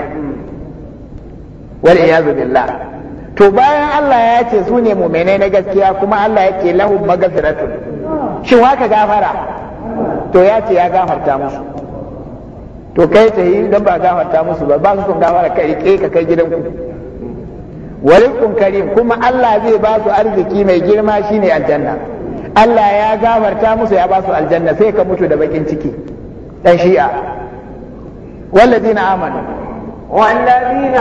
wal iyazu billah to bayan Allah ya ce su ne mu'minai na gaskiya kuma Allah ya ce lahum magfiratun shin haka gafara to ya ce ya gafarta musu to kai ta yi don ba gafarta musu ba ba su sun gafara ka rike ka kai gidanku walikun karim kuma Allah zai ba su arziki mai girma shine aljanna Allah ya gafarta musu ya ba su aljanna sai ka mutu da bakin ciki dan shi'a wallazina amanu والذين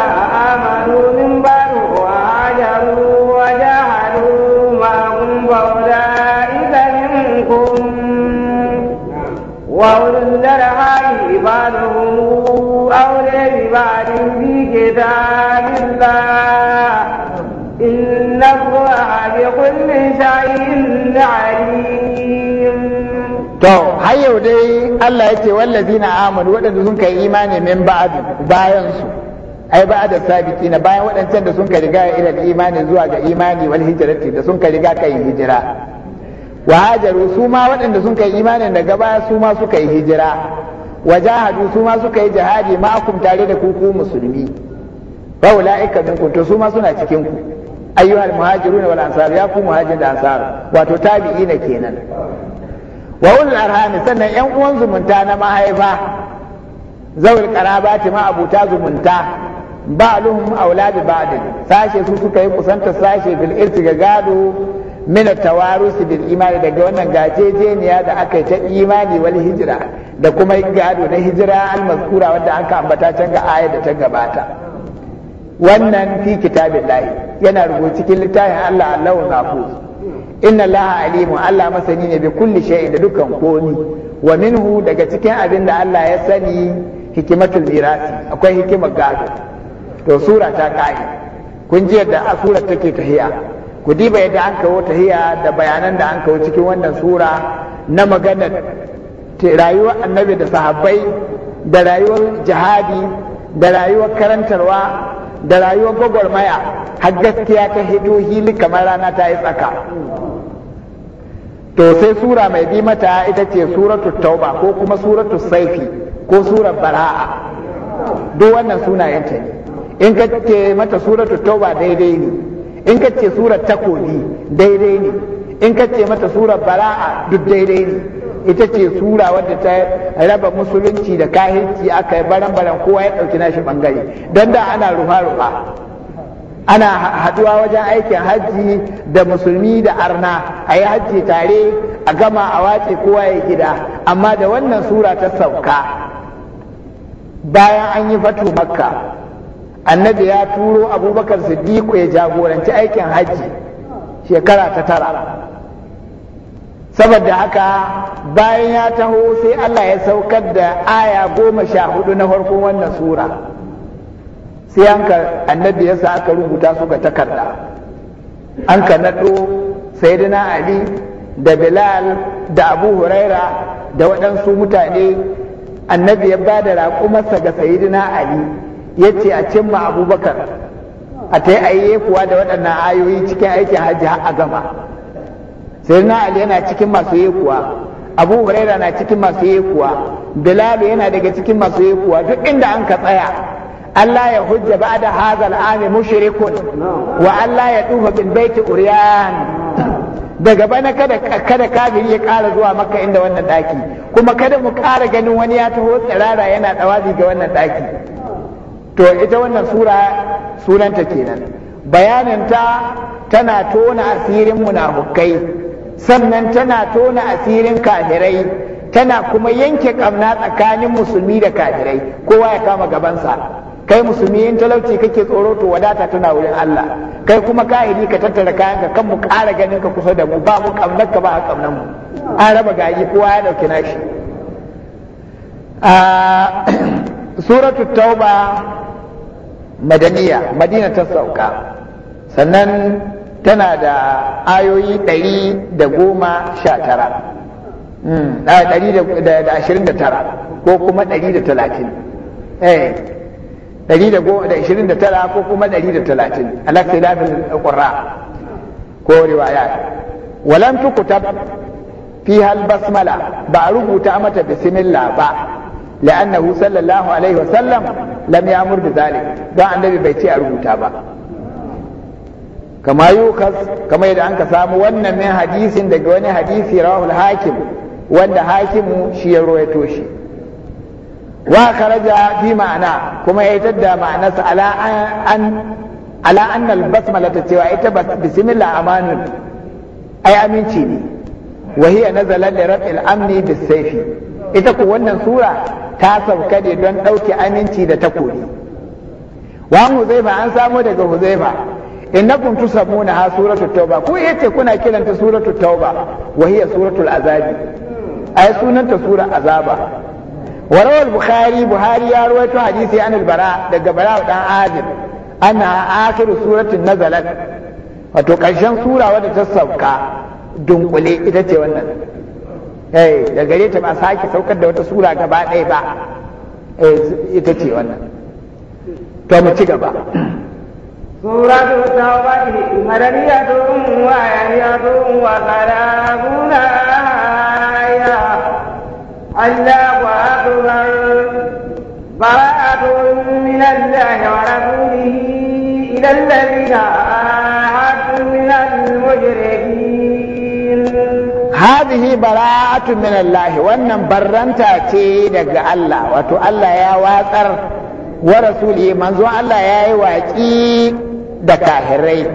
آمنوا من بعد وهاجروا وجاهدوا معهم فأولئك منكم وأولو الأرحام بعضهم أولى ببعض في كتاب الله إن الله بكل شيء عليم to har yau dai Allah ya ce na amanu waɗanda sun kai imani min ba'd bayan su ai ba'da sabiti na bayan waɗancan da sun kai riga ila imani zuwa ga imani wal hijrati da sun kai riga kai hijira wa hajaru su ma waɗanda sun kai imanin daga baya su ma suka yi hijira wa jahadu su ma suka yi jihadi kum tare da kuku musulmi fa ulaika minkum to su ma suna cikin ku ayyuhal muhajiruna wal ansar ya ku muhajirin da ansar wato tabi'ina kenan wa ulul arhami sannan yan uwan zumunta na mahaifa zawul qaraba ti ma abuta zumunta Ba ba'luhum auladu ba'd sashe su suka yi kusantar sashe bil ga gado min tawarus bil imani daga wannan gajejeniya da aka yi ta imani wal hijira da kuma gado na hijira al mazkura wanda aka ambata can ga ayat da ta gabata wannan fi kitabillahi yana rubuce cikin littafin Allah Allahu mahfuz inna laha alimu allah masani ne bi kulli shay'i da dukkan komi wa minhu daga cikin abin da allah ya sani hikimatul mirasi akwai hikimar gado to sura ta kai kun ji yadda a sura take tahiya ku diba yadda an kawo tahiya da bayanan da an kawo cikin wannan sura na maganar rayuwar annabi da sahabbai da rayuwar jihadi da rayuwar karantarwa da rayuwar gwagwarmaya har gaskiya ta hito hili kamar rana ta yi tsaka to sai sura mai bi mata ita ce suratul tauba ko kuma suratul saifi ko surar bara'a duk wannan suna ne in ka ce mata suratul tauba daidai ne in ka ce surar takobi daidai ne in ka ce mata surar bara'a duk daidai ne ita ce sura wadda ta raba musulunci da kahinci aka yi baran-baran kowa ya ɗauki nashi ɓangare don da ana rufa-rufa ana haɗuwa wajen aikin hajji da musulmi da arna a yi hajji tare a gama a wace kowa ya gida amma da wannan sura ta sauka bayan an yi fatu makka annabi ya turo abubakar siddiqu ya jagoranci aikin hajji shekara ta tara saboda haka bayan ya taho sai Allah ya saukar da aya goma sha hudu na farkon wannan sura sai anka annabi ya sa aka rubuta su ga takarda an ka naɗo sayyidina ali da bilal da abu huraira da waɗansu mutane annabi ya ba da raƙumarsa ga sayyidina ali ya ce a cimma abubakar a ta yi kuwa da waɗannan ayoyi cikin aikin hajji har a gama sayyidina ali yana cikin masu yi kuwa abu huraira na cikin masu yi kuwa bilal yana daga cikin masu yi kuwa duk inda an ka tsaya Allah ya hujja ba'da da al-ami mushrikun wa Allah ya dufa bil baiti uryan daga bana kada kada kafin ya kara zuwa maka inda wannan daki kuma kada mu kara ganin wani ya taho tsirara yana tsawazi ga wannan daki to ita wannan sura sunanta kenan bayanin ta tana tona asirin munafukai sannan tana tona asirin kafirai tana kuma yanke kamna tsakanin musulmi da kafirai kowa ya kama gabansa kai musulmi in talauci kake tsoro to wadata tana wurin Allah kai kuma kahiri ka tattara kayanka kan mu ƙara ganin ka kusa da mu ba mu kamnar ka ba a kamnar mu an raba gaji kowa ya dauki nashi a ah, suratu tauba madaniya madina ta sauka sannan tana da ayoyi ɗari da goma sha tara hmm, da ashirin da tara ko kuma ɗari da talatin eh, ɗari da ashirin da tara ko kuma ɗari da talatin alaƙa ilamin ko riwaya walam tukuta fi hal basmala ba a rubuta mata bismillah ba la'annahu sallallahu alaihi wasallam lam ya murda zalim don annabi bai ce a rubuta ba kama yukas kama yadda an ka samu wannan min hadisin daga wani hadisi rawahul hakim wanda hakimu shi ya ruwaito shi wa kharaja fi ma'ana kuma ya tadda ma'anarsa ala an ala anna al-basmala ta cewa ita bismillah amanun ai aminci ne wa na nazala li raf'il amni da sayfi ita ko wannan sura ta sauka don dauke aminci da takobi wa huzaifa an samo daga huzaifa innakum tusabuna ha suratul tauba ku yace kuna kiranta suratul tauba wa hiya suratul azabi ay sunanta sura azaba wa rawal bukhari buhari ya rawaito hadisi an al-bara daga bara dan azib ana akhir suratin nazalat wato karshen sura wadda ta sauka dunkule ita ce wannan eh da gare ta ba sake saukar da wata sura gaba ɗaya ba eh ita ce wannan to mu ci gaba سورة التوبة مدنية وآية وثلاثون آية الله أكبر براءة من الله ورسوله إلى الذين عاهدتم من المجرمين هذه براءة من الله وأن برنتا تيدك الله وتو يا واثر ورسوله منزو الله يا واثير da kahirai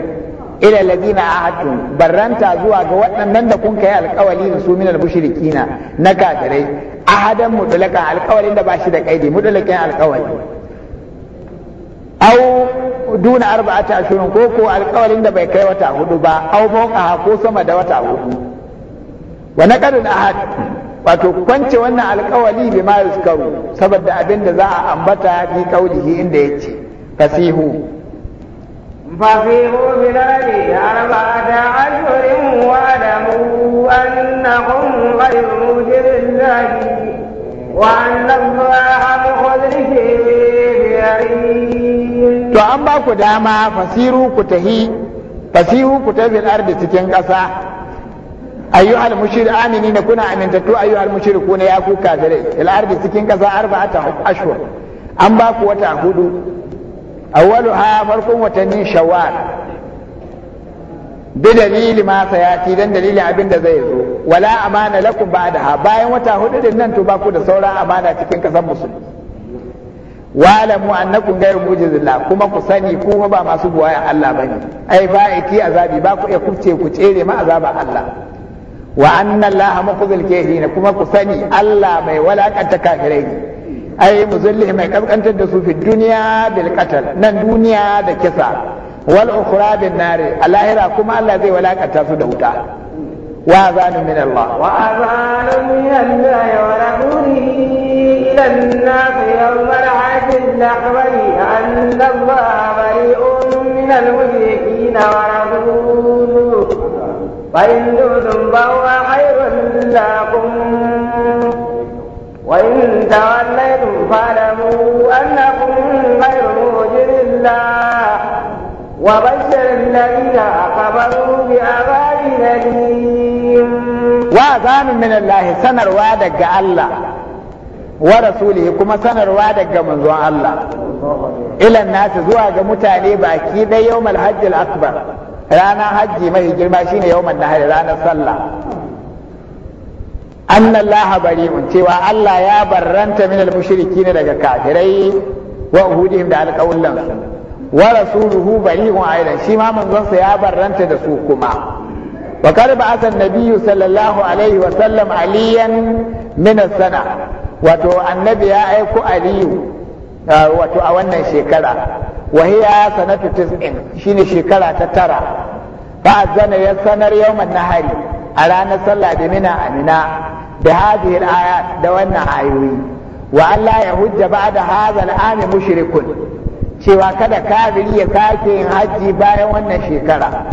ila ladina ahadu barranta zuwa ga waɗannan da kun kai alƙawali da su min al na kafirai ahadan mutlaqan alƙawalin da ba shi da kaidi mutlaqan alƙawali au duna arba'ata ashurun ko ko alƙawalin da bai kai wata hudu ba au fawqa ko sama da wata hudu wa naqadun ahad wato kwance wannan alƙawali bi ma yuskaru saboda abinda za a ambata bi kaulihi inda yace fasihu فسيروا في الأرض أربعة أشهر واعلموا أنهم غير مجر الله وأن الله مخرج To an ba ku dama fasiru ku tahi fasihu ku tafi ardi cikin ƙasa ayyuhal mushir amini na kuna amintattu ayyuhal mushir ku ne ya ku kafirai il ardi cikin ƙasa ta ashhur an ba ku wata hudu awwaluha farkon watanni shawwal bi dalili ma sayati dan dalilin abin da zai zo wala amana lakum ba'daha bayan wata hudu da nan to baku da sauran amana cikin kasar musulmi wa'lamu annakum ghayru mujizillah kuma ku sani kuma ba masu buwayan Allah bane ai ba iki azabi ba ku iya kufce ku tsere ma azaba Allah wa anna Allah mukhzil kafirin kuma ku sani Allah mai walakanta kafirai ai muzalli mai kaskantar da su fi duniya bil qatal nan duniya da kisa wal ukhra bin nari alahira kuma Allah zai walakanta su da wuta wa azanu min Allah wa azanu min Allah wa rasulihi ila an-nas yawm al-hajj al-akbar anna Allah bari'un min al-mushrikeen wa rasuluhu fa in dum bawa khairun lakum وإن توليتم فاعلموا أنكم غير موجد الله وبشر الذين كفروا بعذاب أليم وأذان من الله سنر وعدك الله ورسوله كما سنر وعدك من زوال الله إلى الناس زواج متعلي بأكيد يوم الحج الأكبر رانا حجي ما يجري ماشين يوم النهر رانا صلى anna Allah bari'un cewa Allah ya barranta min al-mushriki daga kafirai wa da alƙawullan su wa rasuluhu bari'un aidan shi ma manzon sa ya barranta da su kuma wa qad ba'atha an-nabiy sallallahu alaihi wa sallam aliyan min as-sana wato annabi ya aiko aliyu a wannan shekara wa hiya sanatu tis'in shine shekara ta tara fa azana ya sanar yawman nahari a ranar sallah da mina amina da hadhihi al da wannan ayoyi wa Allah ya hujja ba'da hadha al-am mushrikun cewa kada kafiri ya sake yin hajji bayan wannan shekara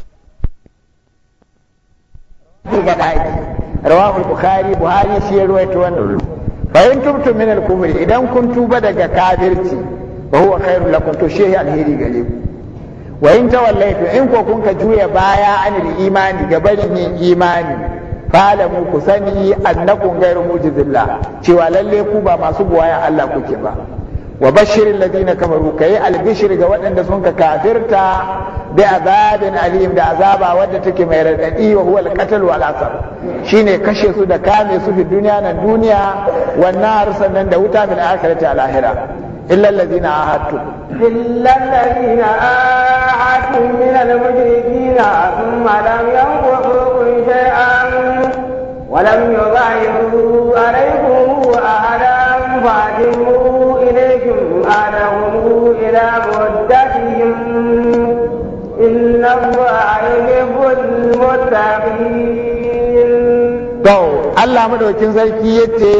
ga daki rawahu bukhari buhari shi ya ruwaito wannan bayan tubtu min al idan kun tuba daga kafirci fa huwa khairul lakum to shi alheri gare ku wa in tawallaitu in ko kun ka juya baya anil imani ga barin yin imani falamu ku sani annakum ghairu mujizillah cewa lalle ku ba masu buwaya Allah kuke ba wa bashirin ladina kamaru kai albishir ga waɗanda sun ka kafirta bi azabin alim da azaba wadda take mai radadi wa huwa alqatl wal shine kashe su da kame su fi duniya nan duniya wannan har sannan da wuta min akhirati al إلا الذين عاهدتم إلا الذين عاهدتم من المشركين ثم لم ينقصوكم شيئا ولم يظاهروا عليكم أحدا فأتموا إليكم أهلهم إلى مدتهم إن الله يحب المتقين. Allah madaukin sarki ya ce,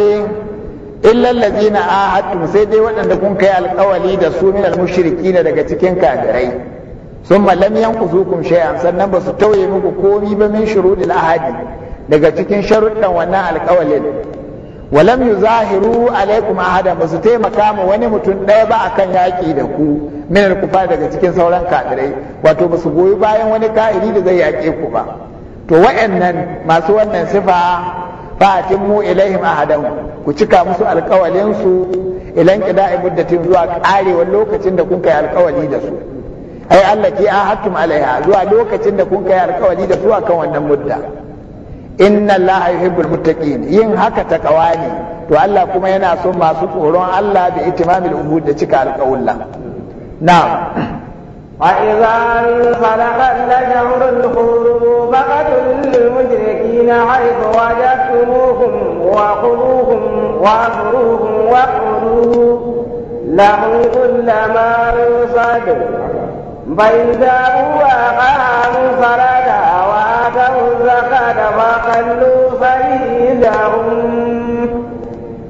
illal ladina ahadtum sai dai waɗanda kun kai alƙawali da su minal mushrikin daga cikin Sun kafirai ku su yanquzukum shay'an sannan ba su tauye muku komi ba min shurudil ahadi daga cikin sharuɗan wannan alƙawalin walam yuzahiru alaikum ahada ba su taimaka ma wani mutum ɗaya ba akan yaƙi da ku min kufa daga cikin sauran kafirai wato ba su goyi bayan wani ka'iri da zai yake ku ba to wa'annan masu wannan sifa fa mu ilaihim ahadan ku cika musu alkawalin su ilan qida'i muddatin zuwa karewar lokacin da kun kai alkawali da su ai Allah ki ahadtum alaiha zuwa lokacin da kun kai alkawali da su akan wannan mudda inna Allah yuhibbul muttaqin yin haka takawa ne to Allah kuma yana son masu tsoron Allah da itimamil umud da cika alƙawulla na'am wa idza khalaqa lajrul عرض وجسموهم وخذوهم وامروهم وقلوهم لهم كل ما يصد فإذا أقاموا صلاة وآتوا الزكاة فخلوا سبيلهم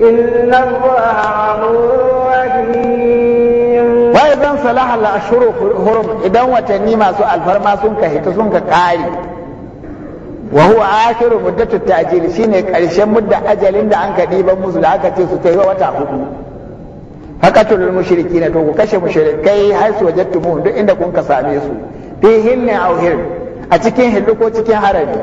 إن الله غفور رحيم وإذا صلاح الأشهر هرم إذا وتني ما سؤال فرما سنك هيك سنك قاري wa huwa akhiru muddatu ta'jil shine karshen mudda ajalin da an kadi ban musu da aka ce su ta kai wata hudu lil mushrikina to ku kashe mushrikai har su mu duk inda kun ka same su fi hinna aw a cikin hillu ko cikin harami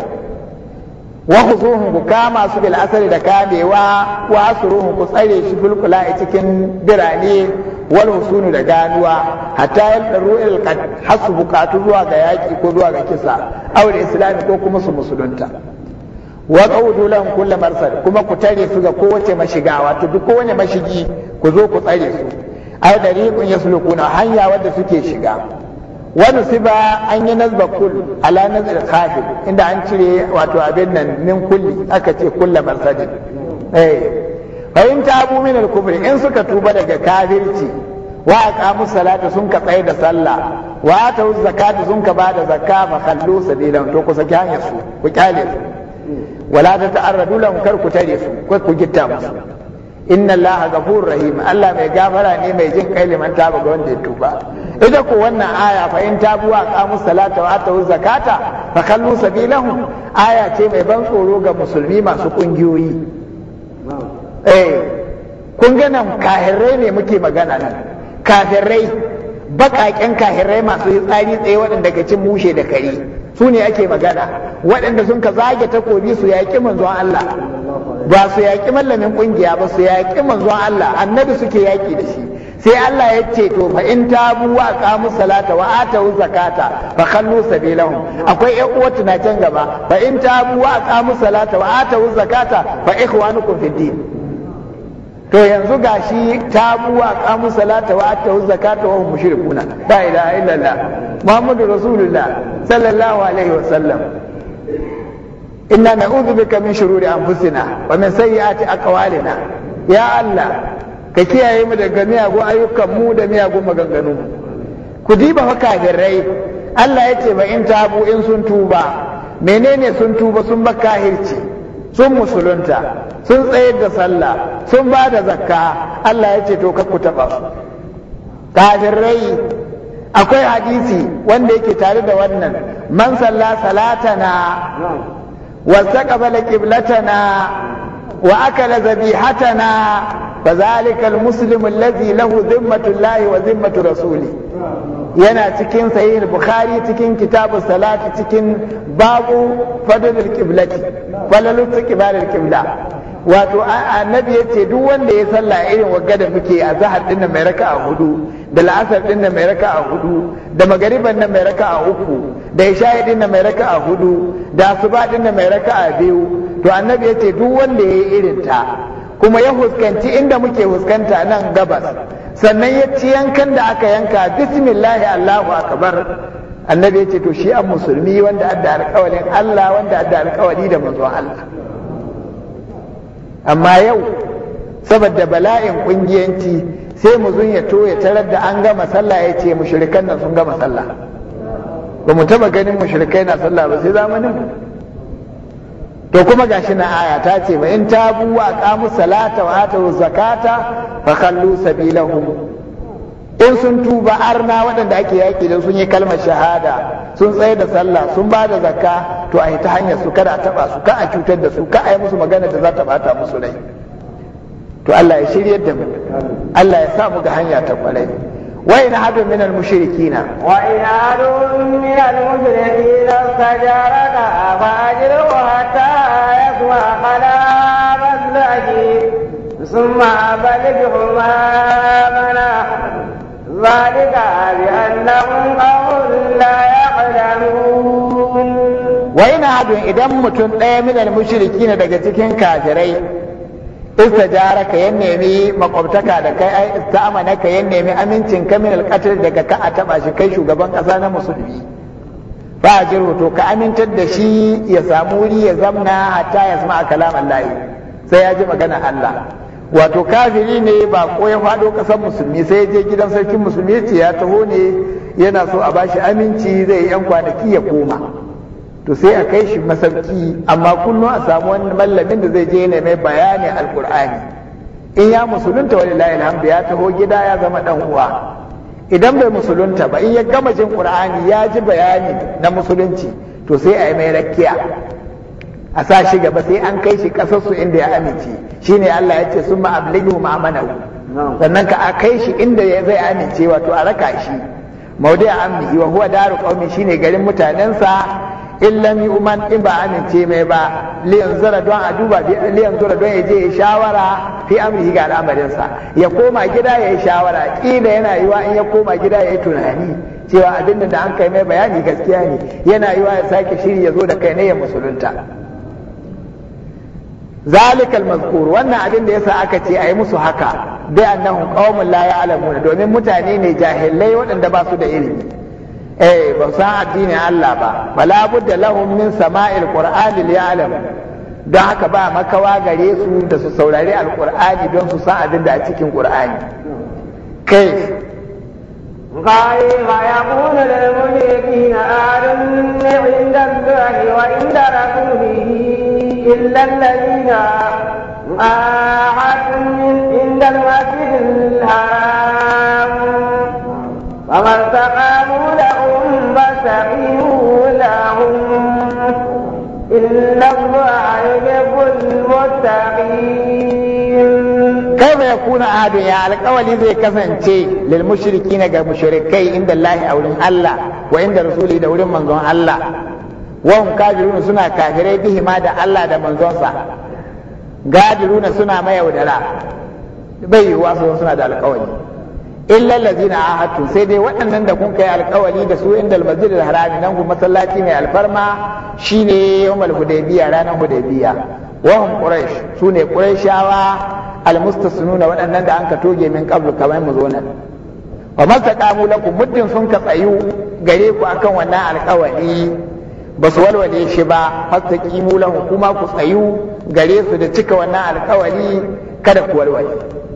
wa khuzuhum ku kama su bil asari da kamewa wa asruhum ku tsare shi bil a cikin birane wal husunu da ganuwa hatta yaldaru il qad hasu bukatu zuwa ga yaki ko zuwa ga kisa aw da islami ko kuma su musulunta wa qawdu lahum kull Marsal kuma ku tare su ga kowace mashigawa, wato duk kowane mashigi ku zo ku tsare su ay dariqun yaslukuna hanya wadda suke shiga wani ba an yi nazba kul ala nazar khadim inda an cire wato abin nan min kulli aka ce kulla masadin eh fahim tabu min al in suka tuba daga kafirci wa aqamu salata sun ka tsaye da sallah wa atu zakata sun ka bada zakka fa khallu sabilan to ku saki hanyar su ku kyale su wala ta ta'arradu lahum kar ku tare su ku ku gitta musu inna allaha ghafurur rahim allah mai gafara ne mai jin kai liman taba ga wanda ya tuba ita ko wannan aya fa in tabu wa qamu salata wa zakata fa kallu sabilahum aya ce mai ban tsoro ga musulmi masu kungiyoyi eh kun ga nan kafirai ne muke magana nan kafirai baƙaƙen kahirai masu tsari tsaye waɗanda ga cin mushe da kare su ne ake magana waɗanda sun ka zage takobi su yaƙi manzon Allah ba su yaƙi mallamin ƙungiya ba su yaƙi manzon Allah annabi suke yaƙi da shi sai Allah ya ce to fa in tabu wa qamu salata wa atu zakata fa khallu sabilahum akwai ƴan uwa na can gaba fa in tabu wa qamu salata wa atu zakata fa ikhwanukum fid din to yanzu gashi tabu wa qamu salata wa atu zakata wa hum mushrikuna la ilaha illallah muhammadu rasulullah sallallahu alaihi wa sallam inna na'udhu bika min shururi anfusina wa min sayyiati aqwalina ya allah ka kiyaye mu daga miyagun ayyukan mu da miyagun maganganu ku diba fa kafirai Allah ya ce ba in tabu in sun tuba menene sun tuba sun ba kahirci sun musulunta sun tsayar da sallah sun ba da zakka Allah ya ce to ku taba kafirai akwai hadisi wanda yake tare da wannan man salla salatana wa saqabala qiblatana وأكل ذبيحتنا فذلك المسلم الذي له ذمة wa وذمة رسوله yana cikin sahih bukhari cikin kitabu salati cikin babu fadlul qiblati falalut qibalul qibla wato annabi yace duk wanda ya salla irin wagga da muke a zahar din mai raka'a hudu da la'asar din mai raka'a hudu da magariban na mai raka'a uku da ya sha ya din mai raka a hudu da su ba din mai raka a biyu to annabi ya ce duk wanda ya yi irin ta kuma ya huskanci inda muke huskanta nan gabas sannan ya ci yankan da aka yanka bismillah allahu akbar annabi ya ce to shi an musulmi wanda adda alƙawalin allah wanda adda alƙawali da manzon allah amma yau saboda bala'in ƙungiyanci sai mu ya to ya tarar da an gama sallah ya ce mushrikan nan sun gama sallah ba mu taba ganin mushrikai na sallah ba sai zamanin to kuma gashi na aya ta ce ma in tabu wa qamu salata wa atu zakata fa khallu sabilahum in sun tuba arna waɗanda ake yaƙi don sun yi kalmar shahada sun tsaye da sallah sun ba da zakka to a yi ta hanyar su kada a taɓa su ka a cutar da su ka a yi musu magana da za ta bata musu rai to Allah ya shirya da mu Allah ya sa mu ga hanya ta ƙwarai. وإن أحد من المشركين وإن أحد من المشركين استجارك فأجره حتى يسمع كلام الله ثم أبلغه منا ذلك بأنهم قوم لا يعلمون وإن أحد إذا متن من المشركين دقتك كافرين istajaraka ya nemi makwabtaka da kai ai ka ya nemi amincin ka min alqatl daga ka a taba shi kai shugaban ƙasa na musulmi ba jiru to ka amintar da shi ya samu wuri ya zamna hatta ya sama kalam Allah sai ya ji magana Allah wato kafiri ne ba ko ya fado musulmi sai ya je gidan sarkin musulmi ya ce ya taho ne yana so a bashi aminci zai yi yan kwanaki ya koma to sai a kai shi masauki amma kullum a samu wani mallamin da zai je ne mai bayani alkur'ani in ya musulunta wani layin hamdu ya taho gida ya zama dan uwa idan bai musulunta ba in ya gama jin qur'ani ya ji bayani na musulunci to sai a yi mai rakkiya a sa shi gaba sai an kai shi kasarsu inda ya amince shine Allah ya ce summa ablighu sannan ka a kai shi inda ya zai amince wato a raka shi maudu a amni wa huwa daru qaumi shine garin mutanensa in lam yu'man in ba amince mai ba liyan zara don a duba liyan zara don ya je ya shawara fi amrihi ga al'amarin sa ya koma gida ya yi shawara kila yana yiwa in ya koma gida ya yi tunani cewa abinda da an kai mai bayani gaskiya ne yana yiwa ya sake shiri ya zo da kai ne ya musulunta zalikal mazkur wannan abin da yasa aka ce ayi musu haka bai annahu qaumun la ya'lamun domin mutane ne jahilai waɗanda ba su da ilimi eh ba san addinin Allah ba wala budda lahum min sama'il qur'ani li don haka ba makawa gare su da su saurari alqur'ani don su san abin da a cikin qur'ani kai غير inda للمشركين آمنا عند الله وعند رسوله إلا الذين عاهدتم عند المسجد haram فمن تقالوا لهم فسعيوا لهم إن الله يحب المتقين كيف يكون عهد يا القول إذا كفن شيء للمشركين مشركي عند الله أو الله وعند رسوله دور من الله وهم كافرون سنة كافرين به ما دا الله دا من صح gadiruna suna mayaudara bai yiwuwa su suna da alkawari illa ladina ahadtu sai dai waɗannan da kun kai alkawari da su inda almasjid alharami nan ku masallaci mai alfarma shine yawmal hudaybiya ranar hudaybiya wa hum quraish sune quraishawa almustasnuna waɗannan da an ka toge min qabl kamar mu zo nan wa masaqamu lakum muddin sun ka tsayu gare ku akan wannan alkawari ba su walwale shi ba fastaqimu lahu kuma ku tsayu gare su da cika wannan alkawari kada ku walwale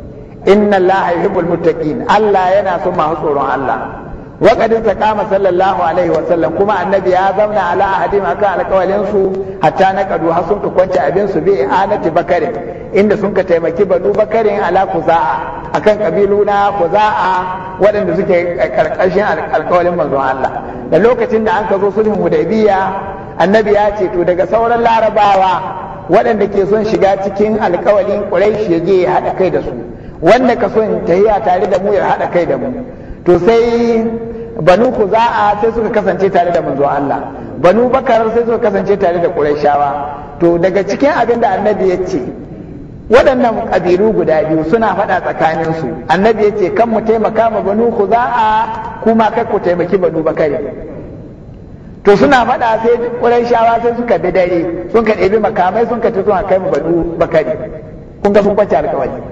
inna allaha yuhibbul muttaqin Allah yana so masu tsoron Allah wa qad taqama sallallahu alaihi wa sallam kuma annabi ya zauna ala ahadim akan alƙawalin su hatta na kadu har sun kwance abin su bi anati bakari inda sun ka taimaki banu bakarin ala kuza'a akan kabilu na kuza'a waɗanda suke karkashin alƙawalin manzon Allah da lokacin da an ka zo sulhun hudaybiya annabi ya ce to daga sauran larabawa waɗanda ke son shiga cikin alƙawalin quraish ya je ya haɗa kai da su wanda ka son tahiya tare da mu ya haɗa kai da mu to sai banu a sai suka kasance tare da manzo Allah banu bakar sai suka kasance tare da qurayshawa to daga cikin abin da annabi ya ce waɗannan ƙabilu guda biyu suna faɗa tsakaninsu annabi ya ce kan mu taimaka ma banu a kuma kai ku taimaki banu bakari to suna faɗa sai qurayshawa sai suka bi dare sun ka ɗebi makamai sun ka tafi kai mu banu bakari kun ga sun kwace alƙawari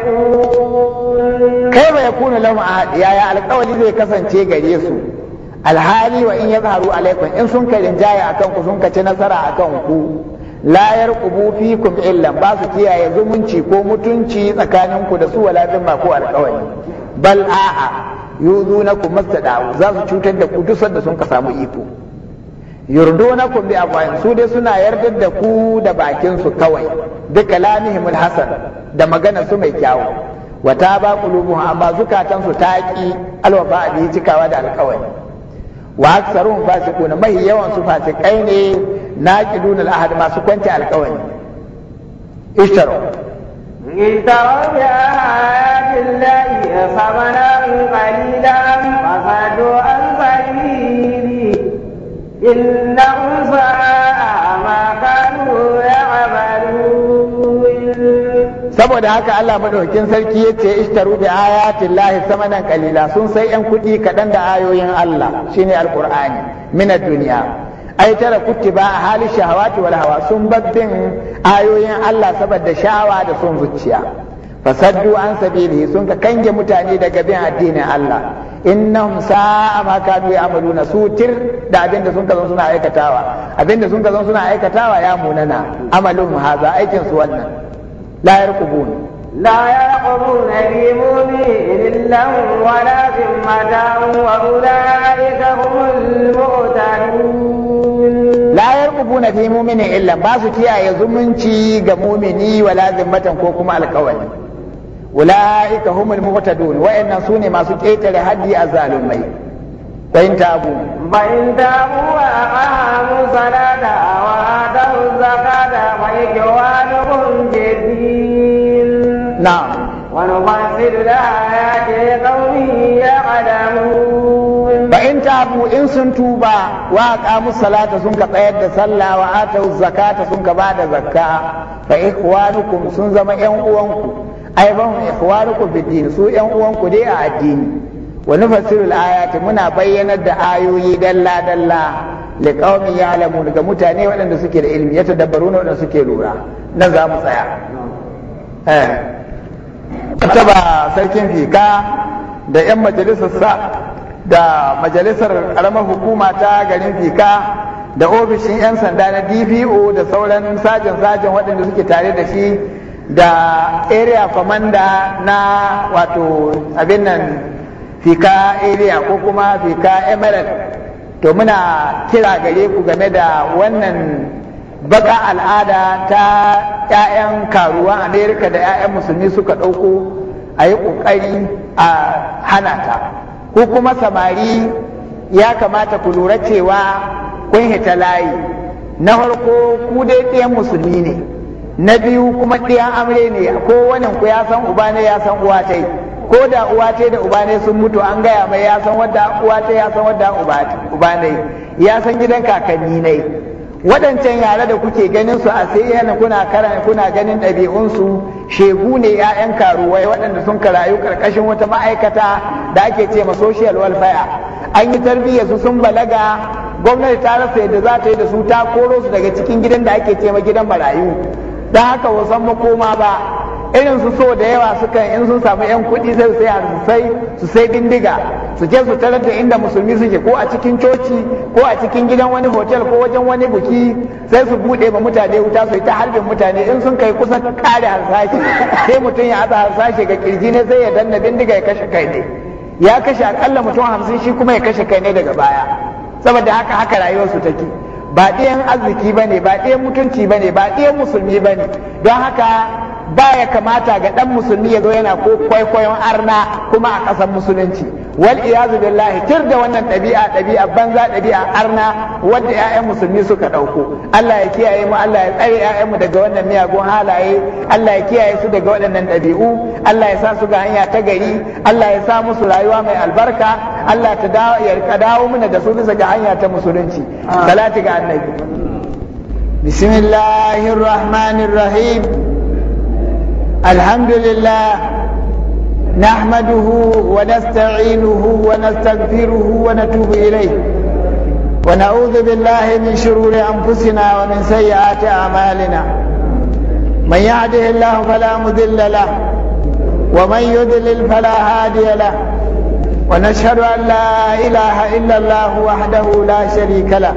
kai ba ya kuna lamu a yaya alkawari zai kasance gare su alhali wa in zaharu alaikum in sun kai rinjaye a kanku sun kaci nasara a akan ku ƙubu fi fikum illan ba su kiyaye zumunci ko mutunci tsakanin ku da su wala zimma ko alkawari bal a'a yuzunakum mastada'u za su cutar da ku duk sanda sun ka samu iko na ku bi afwahin su dai suna yardar da ku da bakinsu kawai duka lamihimul hasan da magana su mai kyawu Wata ta ba qulubuhum amma zukatan su taqi alwafa biyu cikawa da alkawari wa aktsaruhum fasiquna mai yawan su fasikai ne naqidun al-ahad masu kwanci alƙawari ishtaru ya بآيات الله ثمنا قليلا وصدوا عن سبيله إنهم ساء ما كانوا saboda haka Allah madaukakin sarki yace ishtaru bi ayatin lahi samanan qalila sun sai yan kuɗi kaɗan da ayoyin Allah shine alqur'ani mina duniya dunya ai tara kutiba a hali shahawati wal hawa sun babbin ayoyin Allah saboda sha'awa da sun zuciya fasaddu an sabilihi sun ka kange mutane daga bin addinin Allah innahum sa'a ma kanu ya'maluna sutir da abinda sun zo suna aikatawa abinda sun zo suna aikatawa ya munana amalun haza aikin su wannan la yarqubun لا يرقبون في مؤمن إلا ولا ذمة وأولئك هم المعتدون لا يرقبون في مؤمن إلا باسو كيا يزمنشي غمومني ولا ذمة كوكما القول أولئك هم المعتدون وإن سوني ما سكيت لهدي الظالمين فإن تابوا فإن تابوا وأقاموا الصلاة وآتوا الزكاة فإخوانهم في الدين نعم ونفصل الآيات لقوم يعلمون فإن تابوا إن سنتوبا وأقاموا الصلاة سنك قيد صلى وآتوا الزكاة سنك بعد زكاة فإخوانكم سنزم ينقوانكم أيضا إخوانكم في الدين سوء ينقوانكم دي الدين ونفسر الآيات منا بينا الآيوي دلا دلا لقوم يعلمون كمتاني وأن سكر علم يتدبرون وأن سكر لورا نزام صيام آه. taba sarkin fika da 'yan majalisarsa da majalisar karamar hukuma ta garin fika da ofishin 'yan sanda na dpo da sauran sajen-sajen waɗanda suke tare da shi da area commander na wato abin nan fika area ko kuma fika emirate to muna kira gare ku game da wannan baka al'ada ta 'ya'yan karuwa amerika da 'ya'yan musulmi suka ɗauko a yi ƙoƙari a hana ta ko kuma samari ya kamata ku lura cewa kun hita layi na farko ku dai ɗiyan musulmi ne na biyu kuma ɗiyan amre ne ko ku ya san uba ne ya san uwa ta ko da uwa ta da uba ne sun mutu an gaya mai ya san wadda uwa ta ya san wadda uba ne ya san gidan kakanni ne waɗancan yare da kuke ganin su a sai yana kuna karan kuna ganin ɗabi'unsu shegu ne 'ya'yan karuwai waɗanda sun karayu ƙarƙashin wata ma'aikata da ake ce ma social welfare an yi tarbiyyar su sun balaga gwamnati ta rasa yadda za ta yi da su ta koro su daga cikin gidan da ake ce ma gidan marayu don haka wasan makoma ba irin su so da yawa sukan in sun samu yan kuɗi sai su sai su sai su sai bindiga su je su tarar da inda musulmi suke ko a cikin coci ko a cikin gidan wani hotel ko wajen wani buki sai su buɗe ma mutane wuta su ta harbin mutane in sun kai kusa kare harsashi sai mutum ya aza harsashi ga kirji ne sai ya danna bindiga ya kashe kai ne ya kashe akalla mutum hamsin shi kuma ya kashe kai ne daga baya saboda haka haka rayuwarsu take ba ɗayan arziki ba ne ba ɗayan mutunci ba ne ba ɗayan musulmi ba ne don haka baya kamata ga dan musulmi ya zo yana ko kwaikwayon arna kuma a ƙasar musulunci wal iyazu billahi tir da wannan ɗabi'a ɗabi'a banza ɗabi'a arna wanda ƴaƴan musulmi suka ɗauko Allah ya kiyaye mu Allah ya tsare ƴaƴan mu daga wannan miyagun halaye Allah ya kiyaye su daga waɗannan ɗabi'u Allah ya sa su ga hanya ta gari Allah ya sa musu rayuwa mai albarka Allah ta dawo ya dawo mana da su bisa ga hanya ta musulunci salati ga annabi bismillahir rahmanir rahim الحمد لله نحمده ونستعينه ونستغفره ونتوب إليه ونعوذ بالله من شرور أنفسنا ومن سيئات أعمالنا من يهده الله فلا مذل له ومن يذلل فلا هادي له ونشهد أن لا إله إلا الله وحده لا شريك له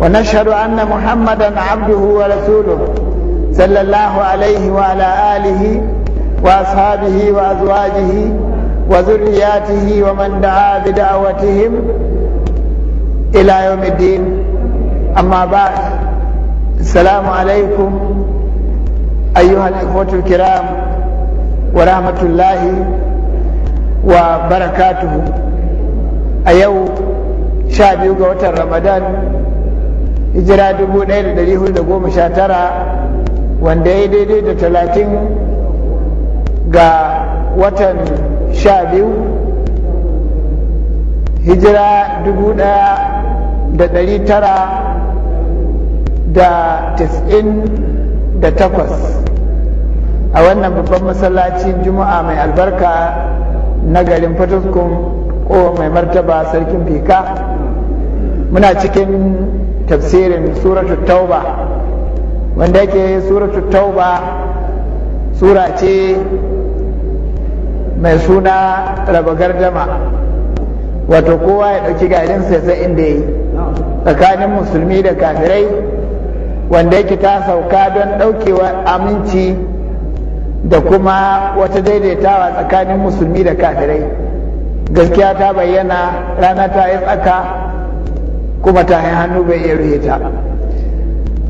ونشهد أن محمدا عبده ورسوله صلى الله عليه وعلى آله وأصحابه وأزواجه وذرياته ومن دعا بدعوتهم إلى يوم الدين أما بعد السلام عليكم أيها الإخوة الكرام ورحمة الله وبركاته أيو شعبي وقوة رمضان hijira dubu ɗaya da ɗari hudu da goma sha tara wanda ya daidai da talatin ga watan sha biyu hijira dubu ɗaya da ɗari tara da tis'in da takwas a wannan babban masallacin juma'a mai albarka na garin fatuskun ko mai martaba sarkin fika muna cikin tafsirin suratul tauba wanda yake suratu tauba sura ce mai suna raba gardama wato kowa ya ɗauki garin sai inda yi tsakanin musulmi da kafirai wanda yake ta sauka don ɗaukewa aminci da kuma wata daidaitawa tsakanin musulmi da kafirai gaskiya ta bayyana rana ta yi tsaka kuma ta yi hannu bai iya ruhe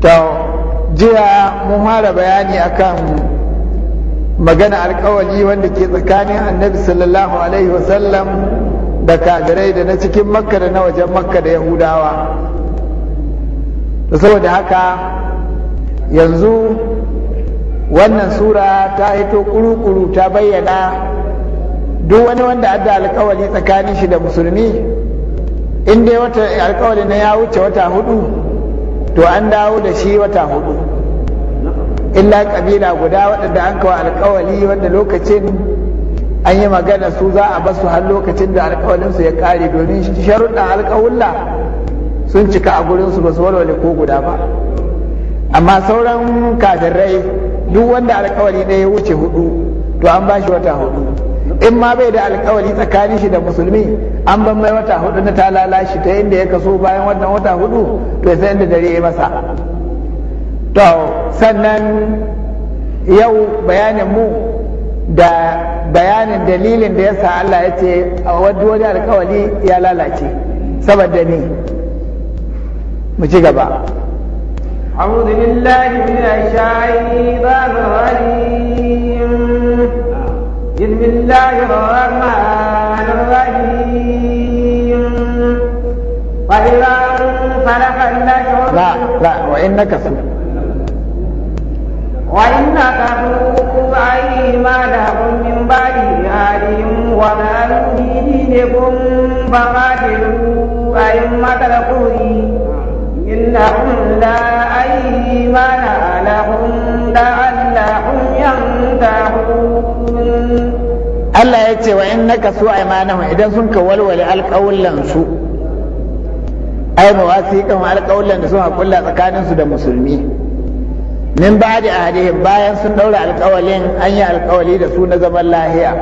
ta jiya mun fara bayani akan magana alkawali wanda ke tsakanin annabi sallallahu alaihi wasallam da kafirai da na cikin makka da na wajen makka da yahudawa da saboda haka yanzu wannan sura ta hito kuru-kuru ta bayyana duk wani wanda adda alkawali tsakanin shi da musulmi in dai wata alkawali ya wuce wata hudu to an dawo da shi wata hudu illa kabila guda waɗanda an kawo alkawali wanda lokacin an yi magana su za a basu har lokacin da alkawalinsu ya ƙare domin sharuɗan alkawulla sun cika a gurinsu ba su walwale ko guda ba amma sauran kafirai duk wanda alkawali ɗaya ya wuce hudu to an ba shi wata hudu in ma bai da alkawari tsakanin shi da musulmi an ban mai wata hudu na talala shi ta inda ya kaso bayan wannan wata hudu to sai inda dare ya masa to sannan yau bayanin mu da bayanin dalilin da yasa Allah ya ce a wadda wani alkawari ya lalace saboda ni mu ci gaba أعوذ بالله من الشيطان الرجيم بسم الله الرحمن الرحيم فإذا انفلق النجم لا لا وإنك سوء وإنك سوء أيمانهم من بعد أهلهم وكانوا في دينكم فقاتلوا أئمة الكفر إنهم لا أيمان لهم لعلهم ينتهون Allah ya ce wa in naka su aimanahum idan sun ka walwale alƙawullan su ai kan alƙawullan da sun haƙulla tsakaninsu da musulmi min da ahadihim bayan sun daura alƙawalin an yi alƙawali da su na zaman lahiya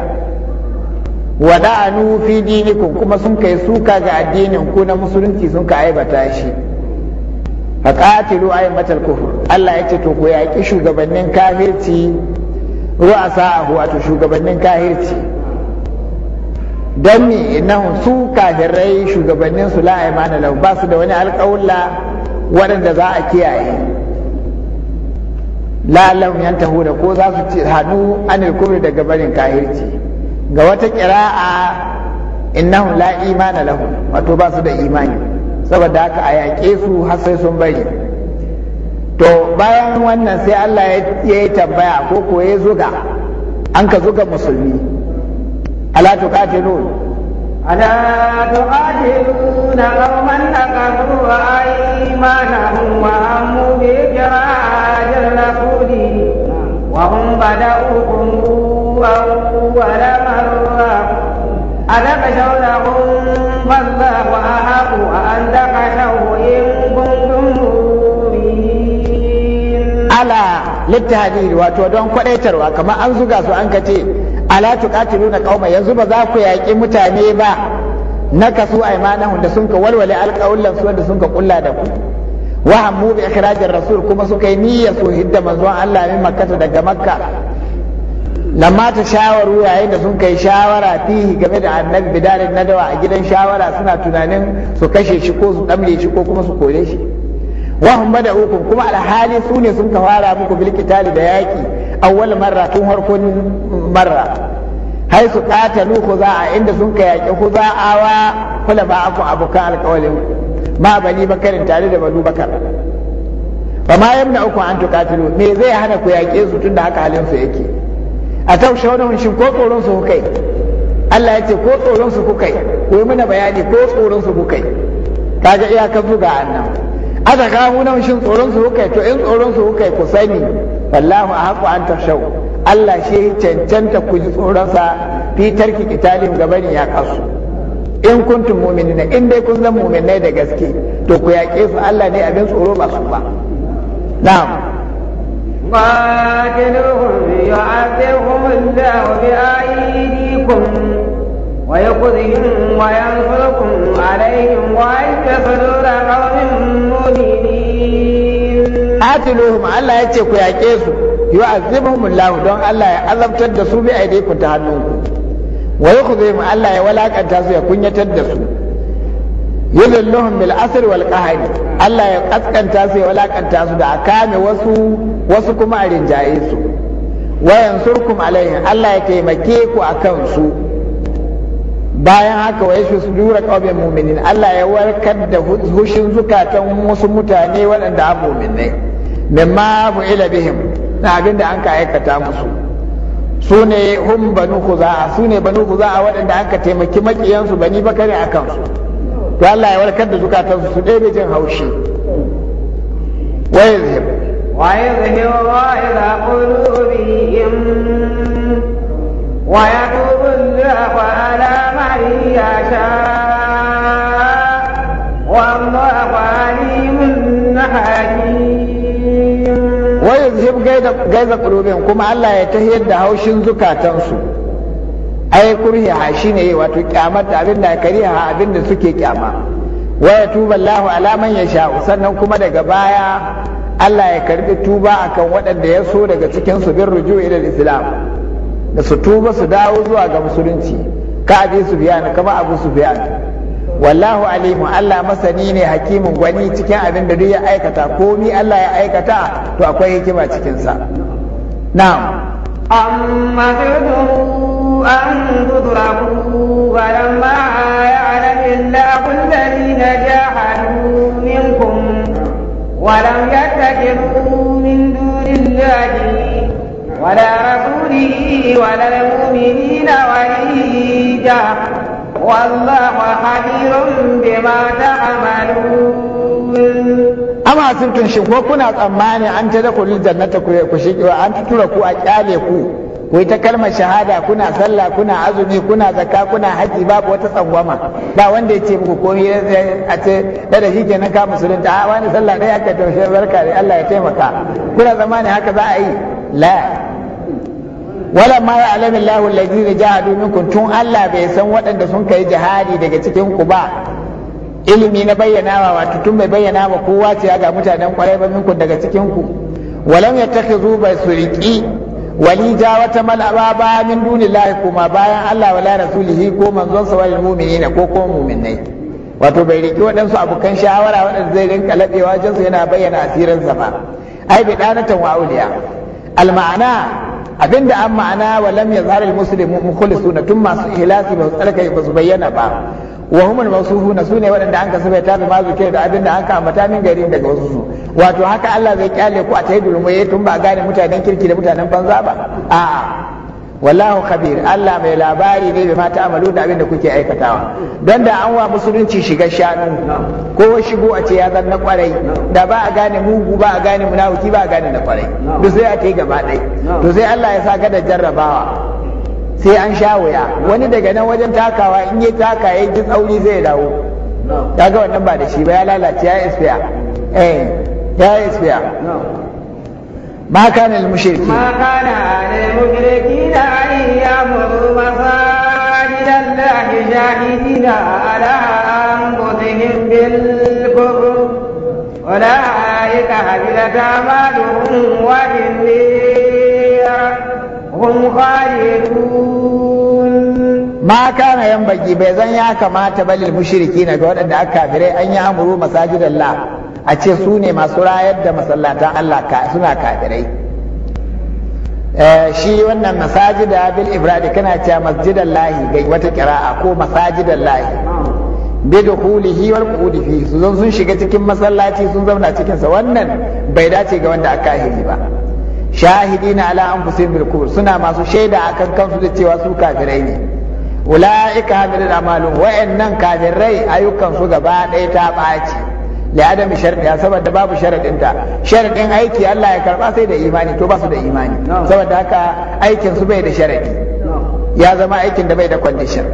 wada'anu fi dinikum kuma sun kai suka ga addinin ku na musulunci sun ka aibata shi faqatilu aimatal kufur Allah ya ce to ku yaƙi shugabannin kafirci ru'asa'ahu wato shugabannin kahirci don me su kafirai shugabannin su la imana lahu ba su da wani alƙawla waɗanda za a kiyaye la lahum yantahu da ko za su ci hannu anil kubri daga barin kahirci ga wata qira'a innahu la imana lahu wato ba su da imani saboda haka a yaƙe su har sai sun bari to bayan wannan sai Allah ya yi tambaya ko ko zuga an ka zuga musulmi ala tuqatilun ala tuqatilun qauman taqafu wa kudi. wa ammu bi jirajil rasuli wa hum bada'ukum awwala marra ala a wallahu a an taqashaw in ala littahdir wato don kwadaitarwa kamar an zuga su an kace ala tuqatiluna qauma yanzu ba za ku yaki mutane ba na kasu aimanahum da sun ka walwale alqaulan su wanda sun ka kulla da ku wa hammu bi ikhrajir rasul kuma suka yi niyya su hidda manzo, Allah min makkata daga makka lamma ta shawaru yayin da sun kai shawara fihi game da annabi bidarin nadawa a gidan shawara suna tunanin su kashe shi ko su damle shi ko kuma su kore shi wa bada uku, kuma alhali su ne sun ka fara muku bil qitali da yaki awwal marra tun harkon marra Hai su qatalu ku za a inda sun ka yaki ku za a wa kula ba aku abuka alqawlin ma bani bakarin tare da banu bakar ba ma yamna uku an tuqatilu me zai hana ku yaki su tunda haka halin su yake a taushawnahum shin ko tsoron su kai Allah ya ce ko tsoron su ku yi ko mana bayani ko tsoron su kuka yi kaga ka zuga annan A kawo nan shin tsoron su kai to in tsoron su kuka ku sani wallahu ahqu an tashau Allah shi cancanta ku ji tsoron sa fi tarki kitalin gaban ya kasu in kuntum mu'minina in dai kun zan mu'minai da gaske to ku yaƙe su Allah ne abin tsoro ba su ba na'am قاتلوهم يعذبهم الله بأيديكم ويخذهم وينصركم عليهم وعند صدور قوم مؤمنين قاتلوهم الله يتيكو يا كيسو يعذبهم الله دون الله يعذب تدسوا بأيديكم تهنوكم ويخذهم الله يولاك أن تاسو يكون يتدسوا yuzilluhum bil asr wal qahr Allah ya kaskanta su ya walakanta su da akame wasu wasu kuma a rinjaye su wa bayan haka wa yashfi sudura qawmin mu'minin Allah ya warkar da hushin zukatan wasu mutane waɗanda a mu'minai mimma fu'ila bihim na abin da an ka aikata musu su ne hum banu khuza'a su ne banu khuza'a waɗanda an ka taimaki makiyansu bani bakare akan su to Allah ya warkar da zukatan su ɗebe jin haushi wa yazhib wa yazhib ra'ila qulubihim wa yatubu Allah ala يشاء والله عليم حكيم ويذهب غيظ قلوبهم كما الله يتهيد هاوشين زكاتنسو ai kurhiha shine wato ƙyamar da abin da a abin da suke kyama wa yatuba Allahu ala ya yasha sannan kuma daga baya Allah ya karbi tuba akan waɗanda ya so daga cikin su bin ruju ila islam da su tuba su dawo zuwa ga musulunci ka abi sufyan kama abu sufyan wallahu alimu Allah masani ne hakimin gwani cikin abin da duk ya aikata komi Allah ya aikata to akwai hikima cikin sa na'am amma tadru an tudraku wa lamma ya'lamu illahu alladhina jahadu minkum wa lam yattakhidhu min dunillahi ولا رسوله ولا المؤمنين وليجا والله خبير بما تعملون amma sun tun shi ko kuna tsammani an ta da kullu jannata ku shi an tura ku a kyale ku wai ta kalmar shahada kuna sallah kuna azumi kuna zakka kuna haji babu wata tsangwama ba wanda ya ce muku komai a ce da shi kenan ka musulunta a wani sallah dai aka tafi barka dai Allah ya taimaka kuna zamani haka za a yi la wala ma ya alamin lahu alladhina jahadu minkum tun Allah bai san waɗanda sun kai jihadi daga cikin ku ba ilimi na bayyana bayyanawa wato tun bai bayyana ba kowa ce ga mutanen kwarai ba minkum daga cikin ku walam yattakhidhu ba suriki wali ja wata mal'aba ba min dunillahi kuma bayan Allah wala rasulihi ko manzon sa wal mu'minina ko ko mu'minai wato bai riki waɗansu abokan shawara wadanda zai rinka labewa jinsu yana bayyana asirin sa ba ai bi danatan wa Alma'ana, abin da an ma'ana wa lam yazhar al mukhlisuna tun masu ihlasi ba su tsarkake ba su bayyana ba wa humul mawsufuna sune waɗanda an kasabe ta da mazuke da abin da an ka ambata min garin daga wasu su wato haka Allah zai kyale ku a tayi dulmuye tun ba gane mutanen kirki da mutanen banza ba a'a wallahu khabir Allah mai labari ne bai mata amalu da abin da kuke aikatawa don da an wa musulunci shiga shanu ko shigo a ce ya zan na kwarai da ba a gane mugu ba a gane munafiki ba a gane na kwarai to sai a tai gaba dai to sai Allah ya sa da jarrabawa sai an sha wuya wani daga nan wajen takawa in ya taka ya ji tsauri zai dawo ya ga wannan ba da shi ba ya lalace ya isfiya eh ya isfiya ما كان المشركين ما كان المشركين أن يعبدوا مساجد الله شاهدين على أنفسهم بالكفر أولئك حبلت أعمالهم وإني هم خالدون ما كان ينبغي بيزن يا كما تبلل المشركين ga waɗanda aka أن an yi الله a ce su ne masu rayar da masallatan Allah suna kafirai eh, shi wannan masajida bil ibradi kana cewa masjidan lahi ga wata kira'a ko masajidan lahi bi dukhulihi wal qudi fi su zan sun shiga cikin masallaci sun zauna cikin sa wannan bai dace ga wanda aka hiri ba shahidina ala anfusihim bil kufr suna masu shaida akan kansu da cewa su kafirai ne ula'ika hamilul amalun wa'annan kafirai ayyukan su gaba ɗaya ta ɓaci li adam shartiya saboda babu sharadin ta sharadin aiki Allah ya karba sai da imani to ba su da imani saboda haka aikin su bai da sharadi ya zama aikin da bai da condition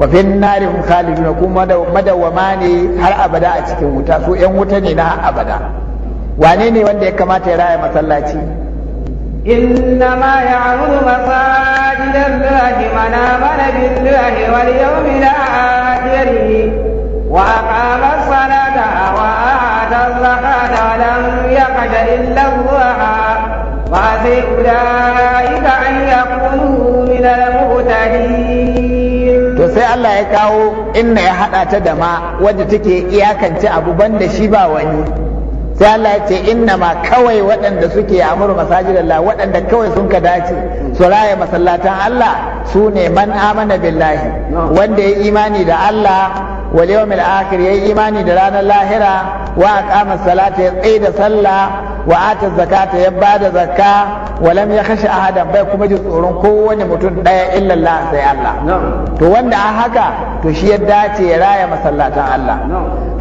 wa fi nari hum khaliduna kuma madawama ne har abada a cikin wuta su yan wuta ne na abada wane ne wanda ya kamata ya raya masallaci إنما يعبد مساجد الله من آمن بالله واليوم الآخر وأقام الصلاة وآتى الزكاة ولم يخش إلا الله فعسى أولئك أن يكونوا من المهتدين to sai Allah ya kawo inna ya haɗa ta da ma wadda take iyakance abu banda shi ba wani sai Allah ya ce inna ma kawai waɗanda suke amuru Allah waɗanda kawai sun ka dace su raya masallatan Allah su ne man amana billahi wanda ya imani da Allah wal yawmil akhir yayi imani da ranar lahira wa aqama salata ya tsaye da sallah wa zakata ya bada zakka wa kashe yakhsha ahadan bai kuma ji tsoron kowane mutum daya illa Allah sai Allah to wanda a haka to shi ya dace ya raya masallatan Allah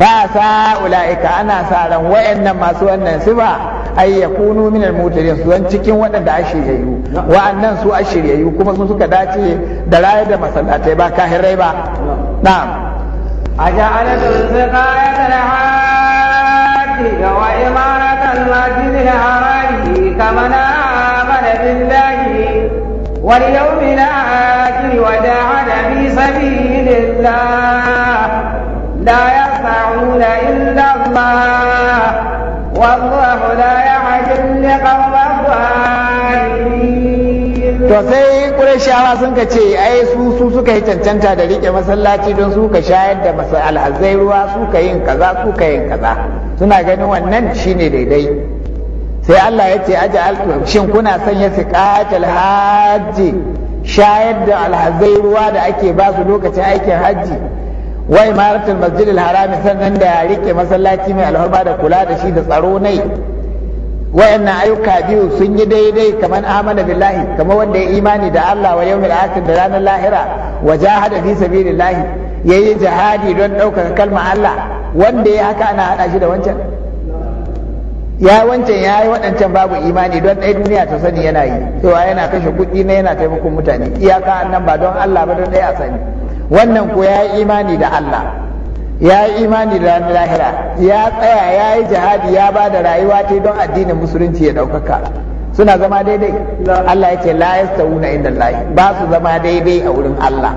fa sa ulaika ana sa ran wayannan masu wannan sifa ay yakunu min al-mutadin su cikin waɗanda a shiryayyu wa'annan su a shiryayyu kuma sun suka dace da rayar da masallatai ba kahirai ba na'am أجعلت سقاية الحاج وإمارة المسجد الحرام كمن آمن بالله واليوم الآخر وجاهد في سبيل الله لا يسمعون إلا الله والله لا يعجب لقوم الظالمين to sai ƙurashawa sun ka ce ai su su suka yi cancanta da rike masallaci don su ka shayar da alhazai ruwa su ka yin kaza su ka yin kaza suna ganin wannan shine daidai sai Allah ya ce aja shin kuna son ya sanya siqatul hajji shayar da alhazai ruwa da ake ba su lokacin aikin hajji wai maratul masjidil harami sannan da rike masallaci mai alhurba da kula da shi da tsaro nai wayannan ayyuka biyu sun yi daidai kamar amana billahi kamar wanda ya imani da Allah wa yawmil akhir da ranar lahira wa jahada fi sabilillahi yayi jihadi don ɗaukar kalmar Allah wanda ya haka ana hada shi da wancan ya wancan ya yi waɗancan babu imani don ɗaya duniya ta sani yana yi cewa yana kashe kuɗi na yana taimakon mutane iyaka nan ba don Allah ba don ɗaya a sani wannan ko ya yi imani da Allah ya yi imani da ranar lahira ya tsaya ya yi jihadi ya ba da rayuwa ta don addinin musulunci ya ɗaukaka suna zama daidai Allah ya ce la yastawuna inda Allah ba su zama daidai a wurin Allah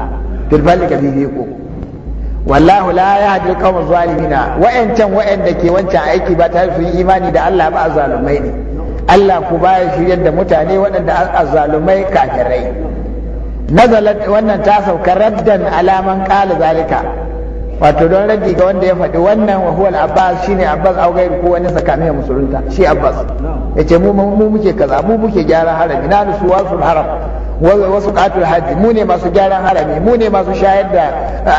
bilbali ka bibi ko wallahu la yahdi alqawma zalimina wa'yan da ke wancan aiki ba ta su imani da Allah ba zalumai ne Allah ku baya shiryar da mutane waɗanda azalumai kafirai nazalat wannan ta sauka raddan alaman qala zalika wato don raddi ga wanda ya faɗi wannan wa huwa abbas shine abbas au gairu ko wani tsakanin musulunta shi abbas yace mu mu muke kaza mu muke gyara harami na su wasul haram wasu qatul hajji mu ne masu gyaran harami mu ne masu shayar da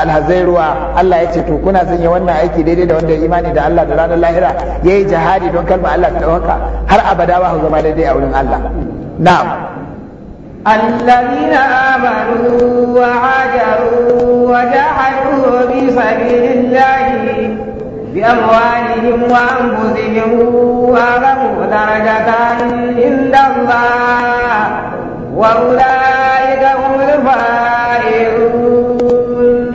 alhazai ruwa Allah ya ce to kuna son yi wannan aiki daidai da wanda ya imani da Allah da ranar lahira yayi jihadi don kalmar Allah ta dauka har abada ba zama daidai a wurin Allah na'am الذين آمنوا وهاجروا وجاهدوا في سبيل الله بأموالهم وأنفسهم وأعظم درجة عند الله وأولئك هم الفائزون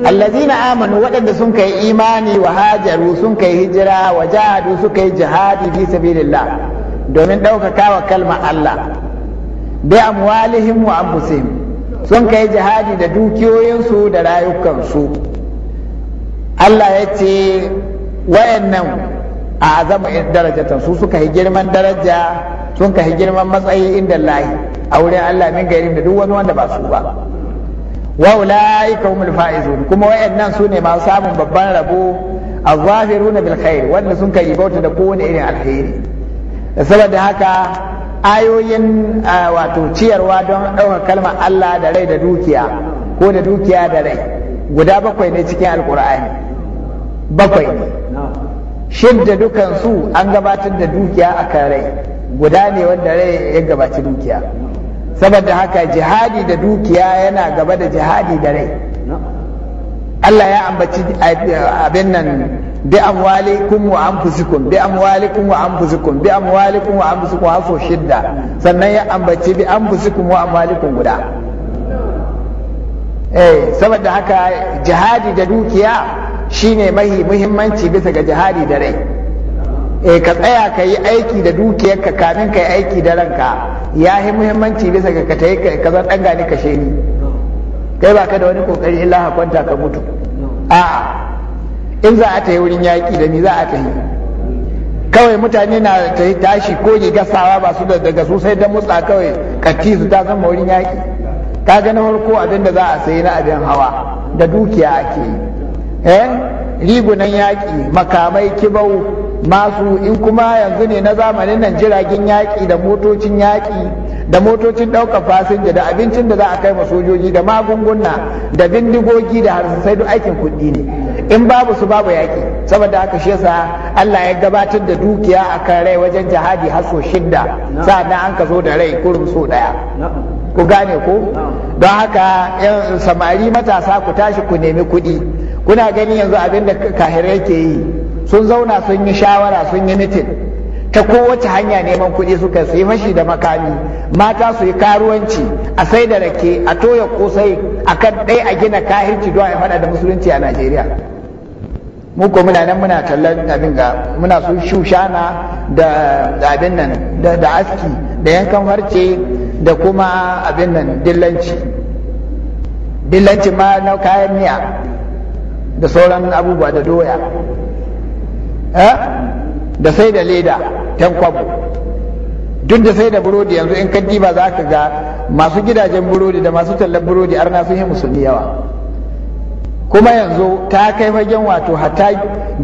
الذين آمنوا وجد سنكي إيماني وهاجروا سنكي هجرة وجاهدوا سنكي جهادي في سبيل الله domin ɗaukaka wa kalmar Allah bi amwalihim wa anfusihim sun kai jihadi da dukiyoyinsu da rayukansu Allah ya ce wayannan a azamu darajatan su suka yi girman daraja sun ka yi girman matsayi inda lahi a wurin Allah min gari da duk wani wanda ba su ba wa ka humul faizun kuma wayannan su ne masu samun babban rabo az-zahiruna bil khair wanda sun kai bauta da kowane irin alheri saboda haka ayoyin wato ciyarwa don ɗaukar kalma Allah da rai da dukiya ko da dukiya da rai guda bakwai ne cikin alkur'ani bakwai ne shidda dukansu an gabatar da dukiya a kan rai guda ne wanda rai ya gabaci dukiya saboda haka jihadi da dukiya yana gaba da jihadi da rai Allah ya ambaci abin nan bi amwalikum wa anfusikum bi amwalikum wa anfusikum bi amwalikum wa anfusikum haso shidda sannan ya ambaci bi anfusikum wa amwalikum guda eh saboda haka jihadi da dukiya shine mahi muhimmanci bisa ga jihadi da rai eh ka tsaya ka yi aiki da dukiyarka kamin ka yi aiki da ranka yahi muhimmanci bisa ga ka tayi ka zan dangane ka sheni kai ba ka da wani kokari illa ha kwanta ka mutu a'a in za a tafi wurin yaƙi da ni za a tafi kawai mutane na tafi tashi ko gasawa ba su daga su sai dan mutsa kawai katti su ta zama wurin yaƙi ka ga na farko abin da za a sayi na abin hawa da dukiya ake yi eh rigunan yaƙi makamai kibau masu in kuma yanzu ne na zamanin nan jiragen yaƙi da motocin yaƙi da motocin ɗaukar fasinja da abincin da za a kai ma sojoji da magunguna da bindigogi da sai duk aikin kuɗi ne in babu su babu yaƙi saboda haka shi yasa Allah ya gabatar da dukiya a kan rai wajen jihadi har so shidda sa'annan an ka zo da rai kurum so ɗaya ku gane ko don haka yan samari matasa ku tashi ku nemi kuɗi kuna gani yanzu abin da kahirai ke yi sun zauna sun yi shawara sun yi mitin ta kowace hanya neman kuɗi suka sai mashi da makami mata su yi karuwanci a sai da rake a toya kosai a kan ɗaya a gina kahirci don a faɗa da musulunci a najeriya mu ko muna nan muna tallan abin ga muna sun shushana da abin nan da aski da yankan harce da kuma abin nan dillanci dillanci ma na kayan miya da sauran abubuwa da doya eh? da sai da leda ten kwabo duk da sai da burodi yanzu in kaddi ba za ka ga masu gidajen burodi da masu tallan burodi arna sun yi musulmi yawa kuma yanzu ta kai fagen wato hatta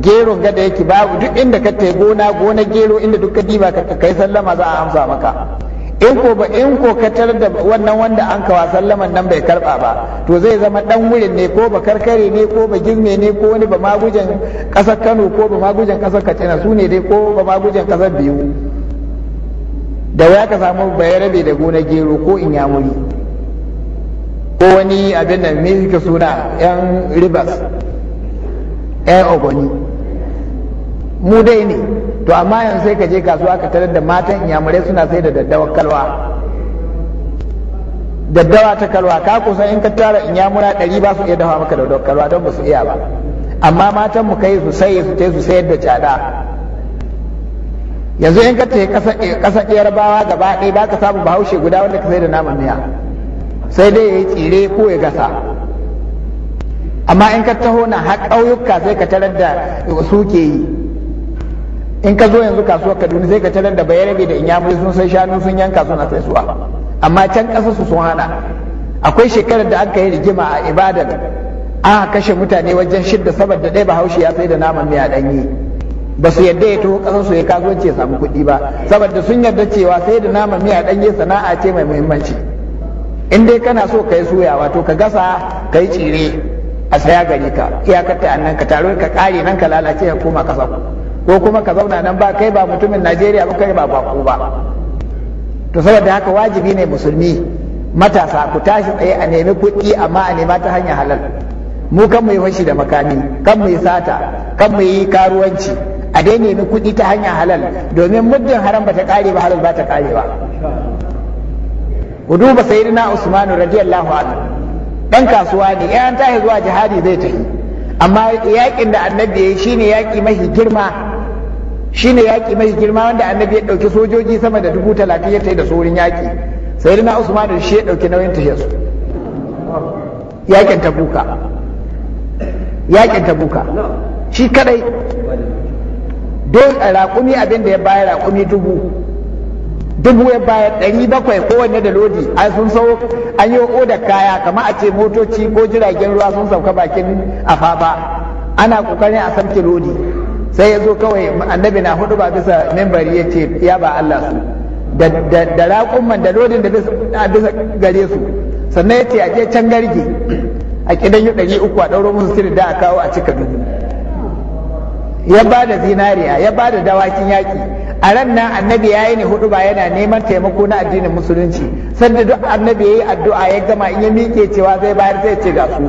gero ga da yake babu duk inda ka tai gona gona gero inda duk kaddi ba ka kai sallama za a amsa maka in ko ba in ko ka tar da wannan wanda an kawa sallaman nan bai karba ba to zai zama dan wurin ne ko ba karkare ne ko ba girme ne ko wani ba magujen kasar Kano ko ba magujen kasar Katsina su ne dai ko ba magujen kasar biyu da ya ka samu bayarabe da gona gero ko in inyamuri ko wani abin da me suna yan rivers yan ogoni mu dai ne to amma yanzu sai ka je kasuwa ka tarar da matan inyamurai suna sai da daddawa kalwa daddawa ta kalwa ka kusan in ka tara inyamura ɗari ba su iya dafa maka da kalwa don ba su iya ba amma matan mu kai su sai su su sayar da cada yanzu in ka kasa ƙasar yarbawa gaba ɗaya ba ka samu bahaushe guda wanda ka sai da naman miya sai dai ya yi tsire ko ya gasa amma in ka taho na har ƙauyuka sai ka tarar da su ke yi in ka zo yanzu kasuwar kaduna sai ka tarar da bayarabe da inyamuri sun sai shanu sun yanka suna sai suwa amma can kasa su sun hana akwai shekarar da aka yi rigima a ibadan a kashe mutane wajen shidda saboda ɗaya bahaushe ya sai da naman miya ɗanyi ba su yadda ya taho kasar su ya kazo ya samu kuɗi ba saboda sun yarda cewa sai da naman miya ɗanye sana'a ce mai muhimmanci in dai kana so ka yi suya wato ka gasa ka yi tsire a saya gari ka iyakar ta annan ka taro ka kare nan ka lalace ka koma kasa ku ko kuma ka zauna nan ba kai ba mutumin najeriya ba kai ba baku ba to saboda haka wajibi ne musulmi matasa ku tashi tsaye a nemi kuɗi amma a nema ta hanyar halal mu kan mu yi fashi da makami kan mu yi sata kan mu yi karuwanci a dai nemi kuɗi ta hanyar halal domin muddin haram ba ta ƙare ba halal ba ta ƙare ba ku duba sayyidina usmanu radiyallahu anhu dan kasuwa ne ya tahi zuwa jihadi zai tafi amma yaƙin da annabi ya yi shine yaki mafi girma Shi ne yaƙi mai girma wanda annabi ya ɗauki sojoji sama da dubu talatin ya ta yi da saurin yaƙi sai na usman shi ya ɗauki nauyin tashe su yaƙin tabuka yaƙin tabuka shi kadai don raƙumi abin da ya bayar raƙumi dubu dubu ya bayar ɗari bakwai kowanne da lodi an sun sau an yi oda kaya kamar a ce motoci ko jiragen ruwa sun sauka bakin afafa ana ƙoƙarin a samke lodi sai ya zo kawai annabi na hudu ba bisa membari ya ce ya ba Allah su da raƙumman da lodin da bisa gare su sannan ya ce a je can garge a kidan yi ɗari uku a ɗauro musu sirri da a kawo a cika dubu ya ba da zinariya ya ba da dawakin yaƙi a ran nan annabi ya yi ne hudu ba yana neman taimako na addinin musulunci sanda duk annabi ya yi addu'a ya gama in ya miƙe cewa zai bayar zai ce ga su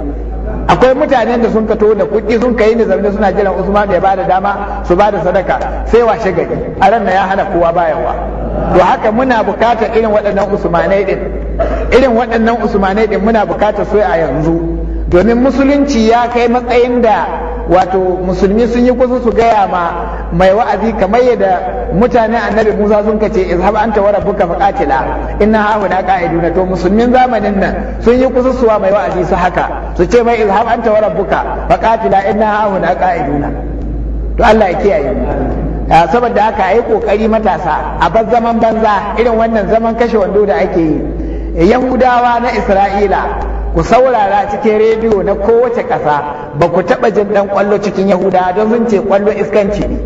akwai mutanen da sun kato da kuɗi sun kai ni zaune suna jiran Usman ya bada dama su bada sadaka sai washe gari a ran ya hana kowa bayarwa to haka muna bukatar irin waɗannan Usmanai din irin waɗannan Usmanai din muna bukatar su a yanzu domin musulunci ya kai matsayin da wato musulmi sun yi kusa su gaya ma mai wa'azi kamar yadda mutane annabi Musa sun kace izhab anta wa rabbuka faqatila inna ha huna qa'iduna to musulmin zamanin nan sun yi kusa suwa mai wa'azi su haka su ce mai izhab anta wa rabbuka faqatila inna ha huna qa'iduna to Allah ya kiyaye saboda haka ayi kokari matasa a bar zaman banza irin wannan zaman kashe wando da ake yi yahudawa na isra'ila ku saurara cikin rediyo na kowace ƙasa ba ku taɓa jin ɗan ƙwallo cikin yahudawa don sun ce ƙwallo iskanci ne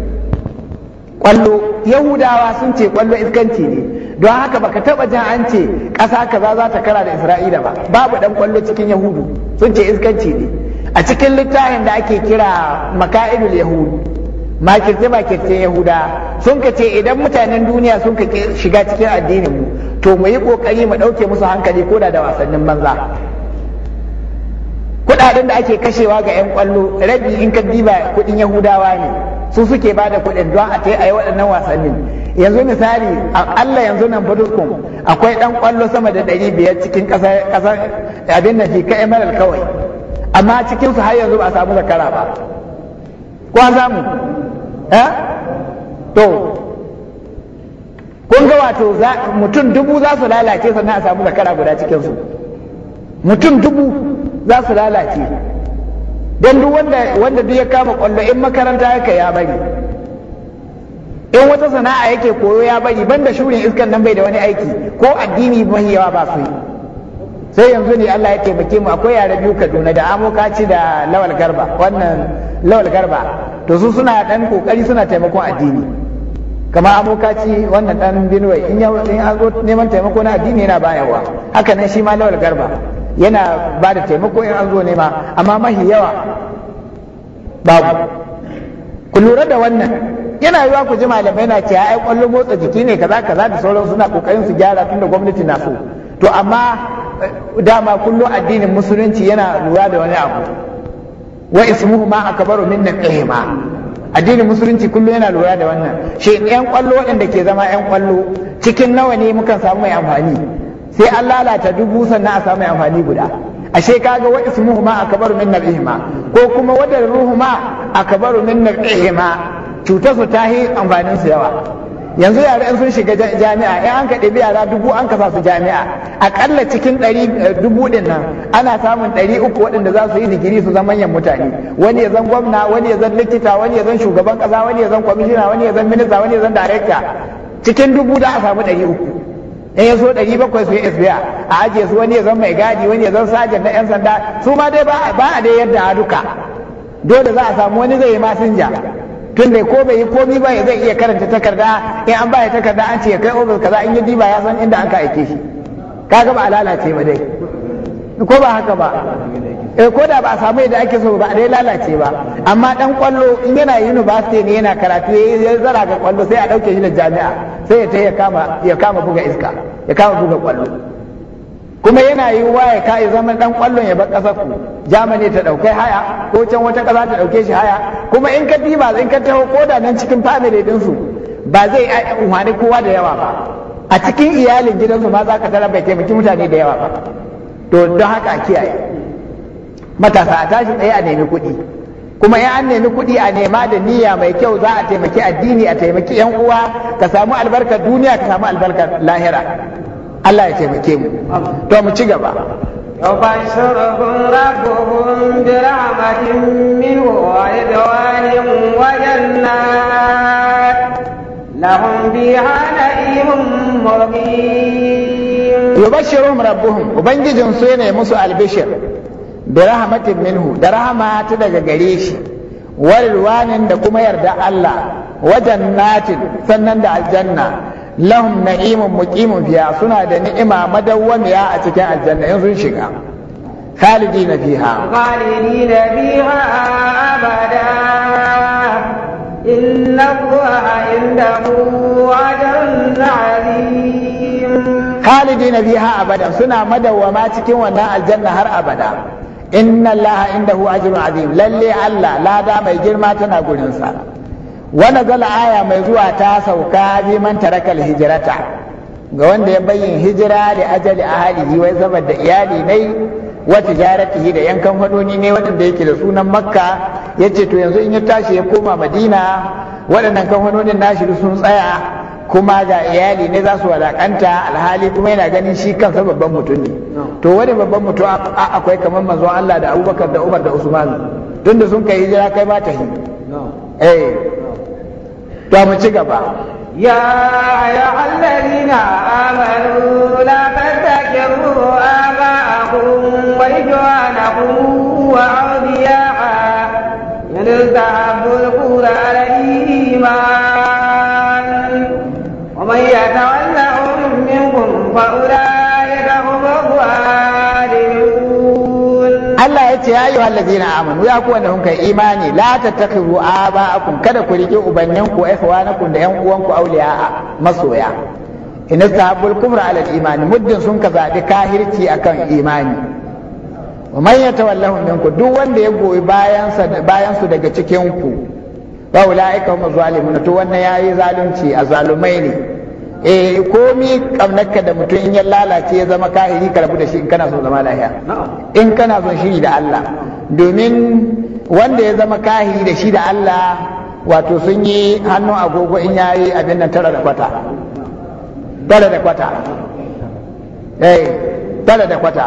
ƙwallo yahudawa sun ce ƙwallo iskanci ne don haka baka taɓa jin an ce ƙasa kaza za ta kara da isra'ila ba babu ɗan ƙwallo cikin yahudu sun ce iskanci ne a cikin littafin da ake kira maka'idul yahudu makirce makirce yahuda sun ka ce idan mutanen duniya sun ka shiga cikin addinin mu to mu yi kokari mu ɗauke musu hankali ko da wasannin banza kudaden da ake kashewa ga 'yan kwallo rabi in ka diba kudin yahudawa ne su suke ba da kudin don a tai a yi waɗannan wasannin yanzu misali Allah yanzu nan budurkun, akwai ɗan kwallo sama da ɗari biyar cikin ƙasar abin da ka emiral kawai amma cikin su har yanzu ba a samu zakara ba ko an samu eh to kun ga wato mutum dubu za su lalace sannan a samu zakara guda cikin su mutum dubu za su lalace don duk wanda duk ya kama kwallo in makaranta yake ya bari in wata sana'a yake koyo ya bari banda shirin iskan nan bai da wani aiki ko addini mai yawa ba su sai yanzu ne Allah ya taimake mu akwai yare biyu Kaduna da Amo Kaci da Lawal Garba wannan Lawal Garba to su suna dan kokari suna taimakon addini kama Amo Kaci wannan dan Benue in ya in zo neman taimako na addini yana bayarwa haka nan shi ma Lawal Garba yana ba da taimako in an zo nema amma mahi yawa babu ku lura da wannan yana yiwa ku ji malamai na ce ai kwallon motsa jiki ne kaza kaza da sauran suna kokarin su gyara tunda gwamnati na so to amma eh, dama kullum addinin musulunci yana lura da wani abu wa ismuhu ma akbaru min naqihima addinin musulunci kullum yana lura da wannan shi yan kwallo waɗanda ke zama yan kwallo cikin nawa ne mukan samu mai amfani sai an lalata dubu sannan a samu amfani guda ashe kaga wa ismuhuma akbaru min nabihima ko kuma wa daruhuma akbaru min nabihima cuta su tahi amfanin su yawa yanzu yara in sun shiga jami'a in an ka ɗabi yara dubu an kasa su jami'a akalla cikin ɗari eh, dubu ɗin nan ana samun ɗari uku waɗanda za su yi digiri su zama manyan mutane wani ya zan gwamna wani ya zan likita wani ya zan shugaban ƙasa wani ya zan kwamishina wani ya zan minista wani ya zan darekta cikin dubu da a samu ɗari uku in ya so ɗari bakwai su yi a ajiye su wani ya zan mai gadi wani ya zan sajan na 'yan sanda su ma dai ba a dai yadda duka dole za a samu wani zai yi masinja tun da ko bai yi komi ba zai iya karanta takarda in an baya takarda an ce ya kai ofis kaza in yi diba ya san inda aka aike shi kaga ba a lalace ba dai ko ba haka ba eh ko da ba a samu yadda ake so ba dai lalace ba amma dan kwallo in yana university ne yana karatu ya zara ga kwallo sai a dauke shi da jami'a sai ya ya kama ya kama buga iska ya kama buga kwallo kuma yana yi wa ya kai zama dan kwallon ya bar kasar ku jamani ta dauke haya ko can wata kasa ta dauke shi haya kuma in ka diba in ka taho ko da nan cikin family din su ba zai umarni kowa da yawa ba a cikin iyalin gidansu ma za ka tara bai taimaki mutane da yawa ba to don haka a kiyaye matasa a tashi tsaye a nemi kuɗi kuma ya an nemi kuɗi a nema da niyya mai kyau za a taimaki addini a taimaki yan uwa ka samu albarkar duniya ka samu albarkar lahira Allah ya taimake mu to mu ci gaba يبشرهم ربهم برحمة منه ورضوان وجنات لهم فيها نعيم مقيم يبشرهم ربهم وبنجي جنسوين يمسوا البشر Da rahmatin minhu da rahama ta daga gare shi warwanin da kuma yarda Allah wajen natin sannan da aljanna lahum na'imun muqimun fiha suna da ni'ima madawwamiya a cikin aljanna in sun shiga khalidina fiha fiha abada inna allaha indahu ajrun azim fiha abada suna madawwama cikin wannan aljanna har abada inna inda hu ajrun azim lalle allah lada mai girma tana gurin sa wani gala aya mai zuwa ta sauka bi man tarakal hijrata ga wanda ya bayyana hijira da ajali ahalihi wai saboda iyali ne wa tijaratihi da yankan fadoni ne wanda yake da sunan makka yace to yanzu in ya tashi ya koma madina waɗannan kamfanonin nashi sun tsaya kuma ga iyali ne za su wadakanta alhali kuma yana ganin shi kansa babban mutum ne to wani babban mutum akwai kamar manzon Allah da Abubakar da Umar da Usman tun da sun kai hijira kai ba ta yi eh to mu ci gaba ya ya allazina amanu la tattakiru aba'akum wa ijwanakum wa awdiya'a min ta'abul qura al-iman Allah ya ce ya yi wa na amun, ya kuwa na imani, la ta taƙi ruwa ba a kun kada ku riƙe ubanninku a yi na kun da ‘yan uwanku auliya a masoya. Ina ta haɓu kufur a alal imani, muddin sun ka zaɗi kahirci a kan imani. Manyata wa lahunanku, duk wanda ya goyi bayansu daga cikinku, ba wula aika wa mazwali, to wannan ya yi zalunci a ne, eh komi kamnarka da mutum in ya lalace ya zama kahiri ka rabu da shi in kana so zama lahiya in kana son shiri da Allah domin wanda ya zama kahiri da shi da Allah wato sun yi hannu agogo in ya yi abin nan tara da kwata tara da kwata eh tara da kwata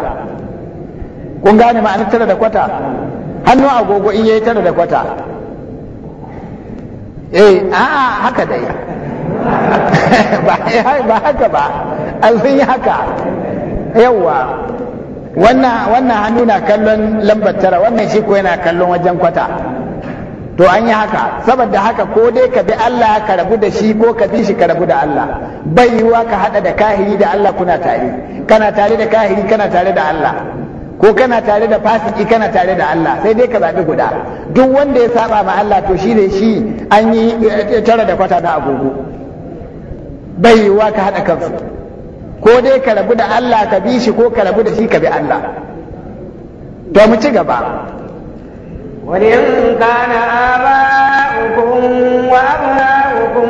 kun gane ma'anar tara da kwata hannu agogo in ya yi tara da kwata eh a'a haka dai ba haka ba ai yi haka yauwa wannan wannan hannu na kallon lambar tara wannan shi ko yana kallon wajen kwata to an yi haka saboda haka ko dai ka bi Allah ka rabu da shi ko ka bi shi ka rabu da Allah bai yiwuwa ka hada da kahiri da Allah kuna tare kana tare da kahiri kana tare da Allah ko kana tare da fasiki kana tare da Allah sai dai ka zabi guda duk wanda ya saba ma Allah to shi da shi an yi eh, tara da kwata da agogo bai yiwuwa ka haɗa kansu ko dai ka rabu da Allah ka bi shi ko ka rabu da shi ka bi Allah to mu ci gaba ولئن كان آباؤكم وأبناؤكم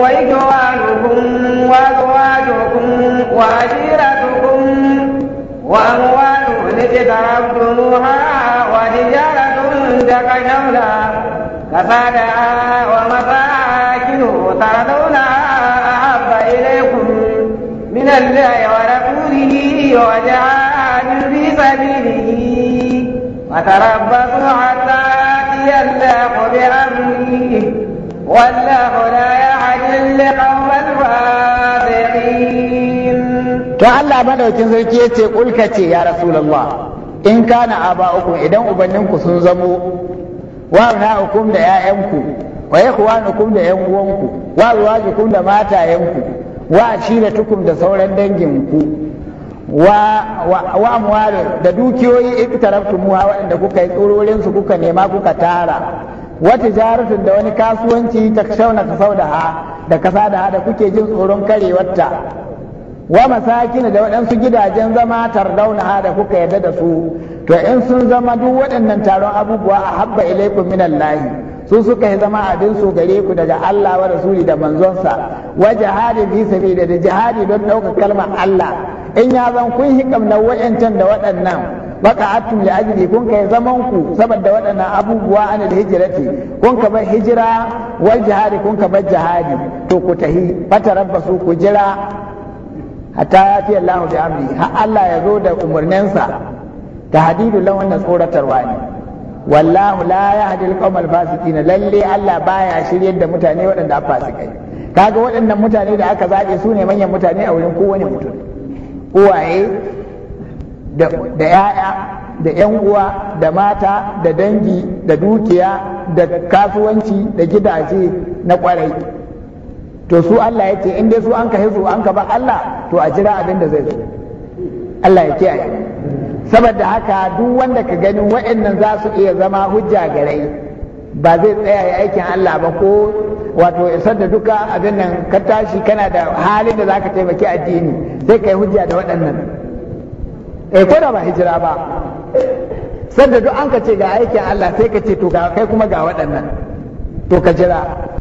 وإخوانكم وأزواجكم وعشيرتكم وأموال اقترفتموها وتجارة تخشون كسادها ومساكن ترضونها إليكم من Allah maɗaukin sarki ya ce, ƙulka ce, ya Rasulallah, in kana aba uku idan ubanninku sun zamo, wa na hukum da ‘ya’yanku, wa ikhwanukum da yan uwanku wa azwajukum da matayenku wa ashiratukum da sauran danginku wa wa amwalin da dukiyoyi iktaraftumuha waɗanda kuka yi tsororin kuka nema kuka tara wa tijaratun da wani kasuwanci ta shauna sau da ha da kasa da ha da kuke jin tsoron karewarta wa masakin da waɗansu gidajen zama tardauna ha da kuka yarda da su to in sun zama duk waɗannan taron abubuwa a habba ilaikum minallahi su suka yi zama abin so gare ku daga Allah wa rasuli da manzonsa wa jihadi bi sabili da jihadi don ɗaukar kalmar Allah in ya zan kun hikam na wayancan da waɗannan baka atum li ajli kun kai zaman ku saboda waɗannan abubuwa an da hijirati. kun ka bar hijira wal jihadi kun ka bar jihadi to ku tahi fatarabbasu ku jira hatta yati Allahu bi amri har Allah ya zo da umarninsa hadidu lawan tsoratarwa ne wallahu la yahdi al-qawmal lalle Allah baya shiryar da mutane waɗanda a fasikai kaga waɗannan mutane da aka zaɓe su ne manyan mutane a wurin kowane mutum uwaye da yaya da yan uwa da mata da dangi da dukiya da kasuwanci da gidaje na kwarai to su Allah ya ce in dai su an ka hisu, an ka ba Allah to a jira abin da zai zo Allah ya kiyaye saboda haka duk wanda ka gani waɗannan za su iya zama hujja gare ba zai tsaya ya aikin Allah ba ko wato isar da duka abin nan ka tashi kana da halin da zaka taimaki addini sai kai hujja da waɗannan eh ko da ba hijira ba da duk an ka ce ga aikin Allah sai ka ce to ga kai kuma ga waɗannan to ka jira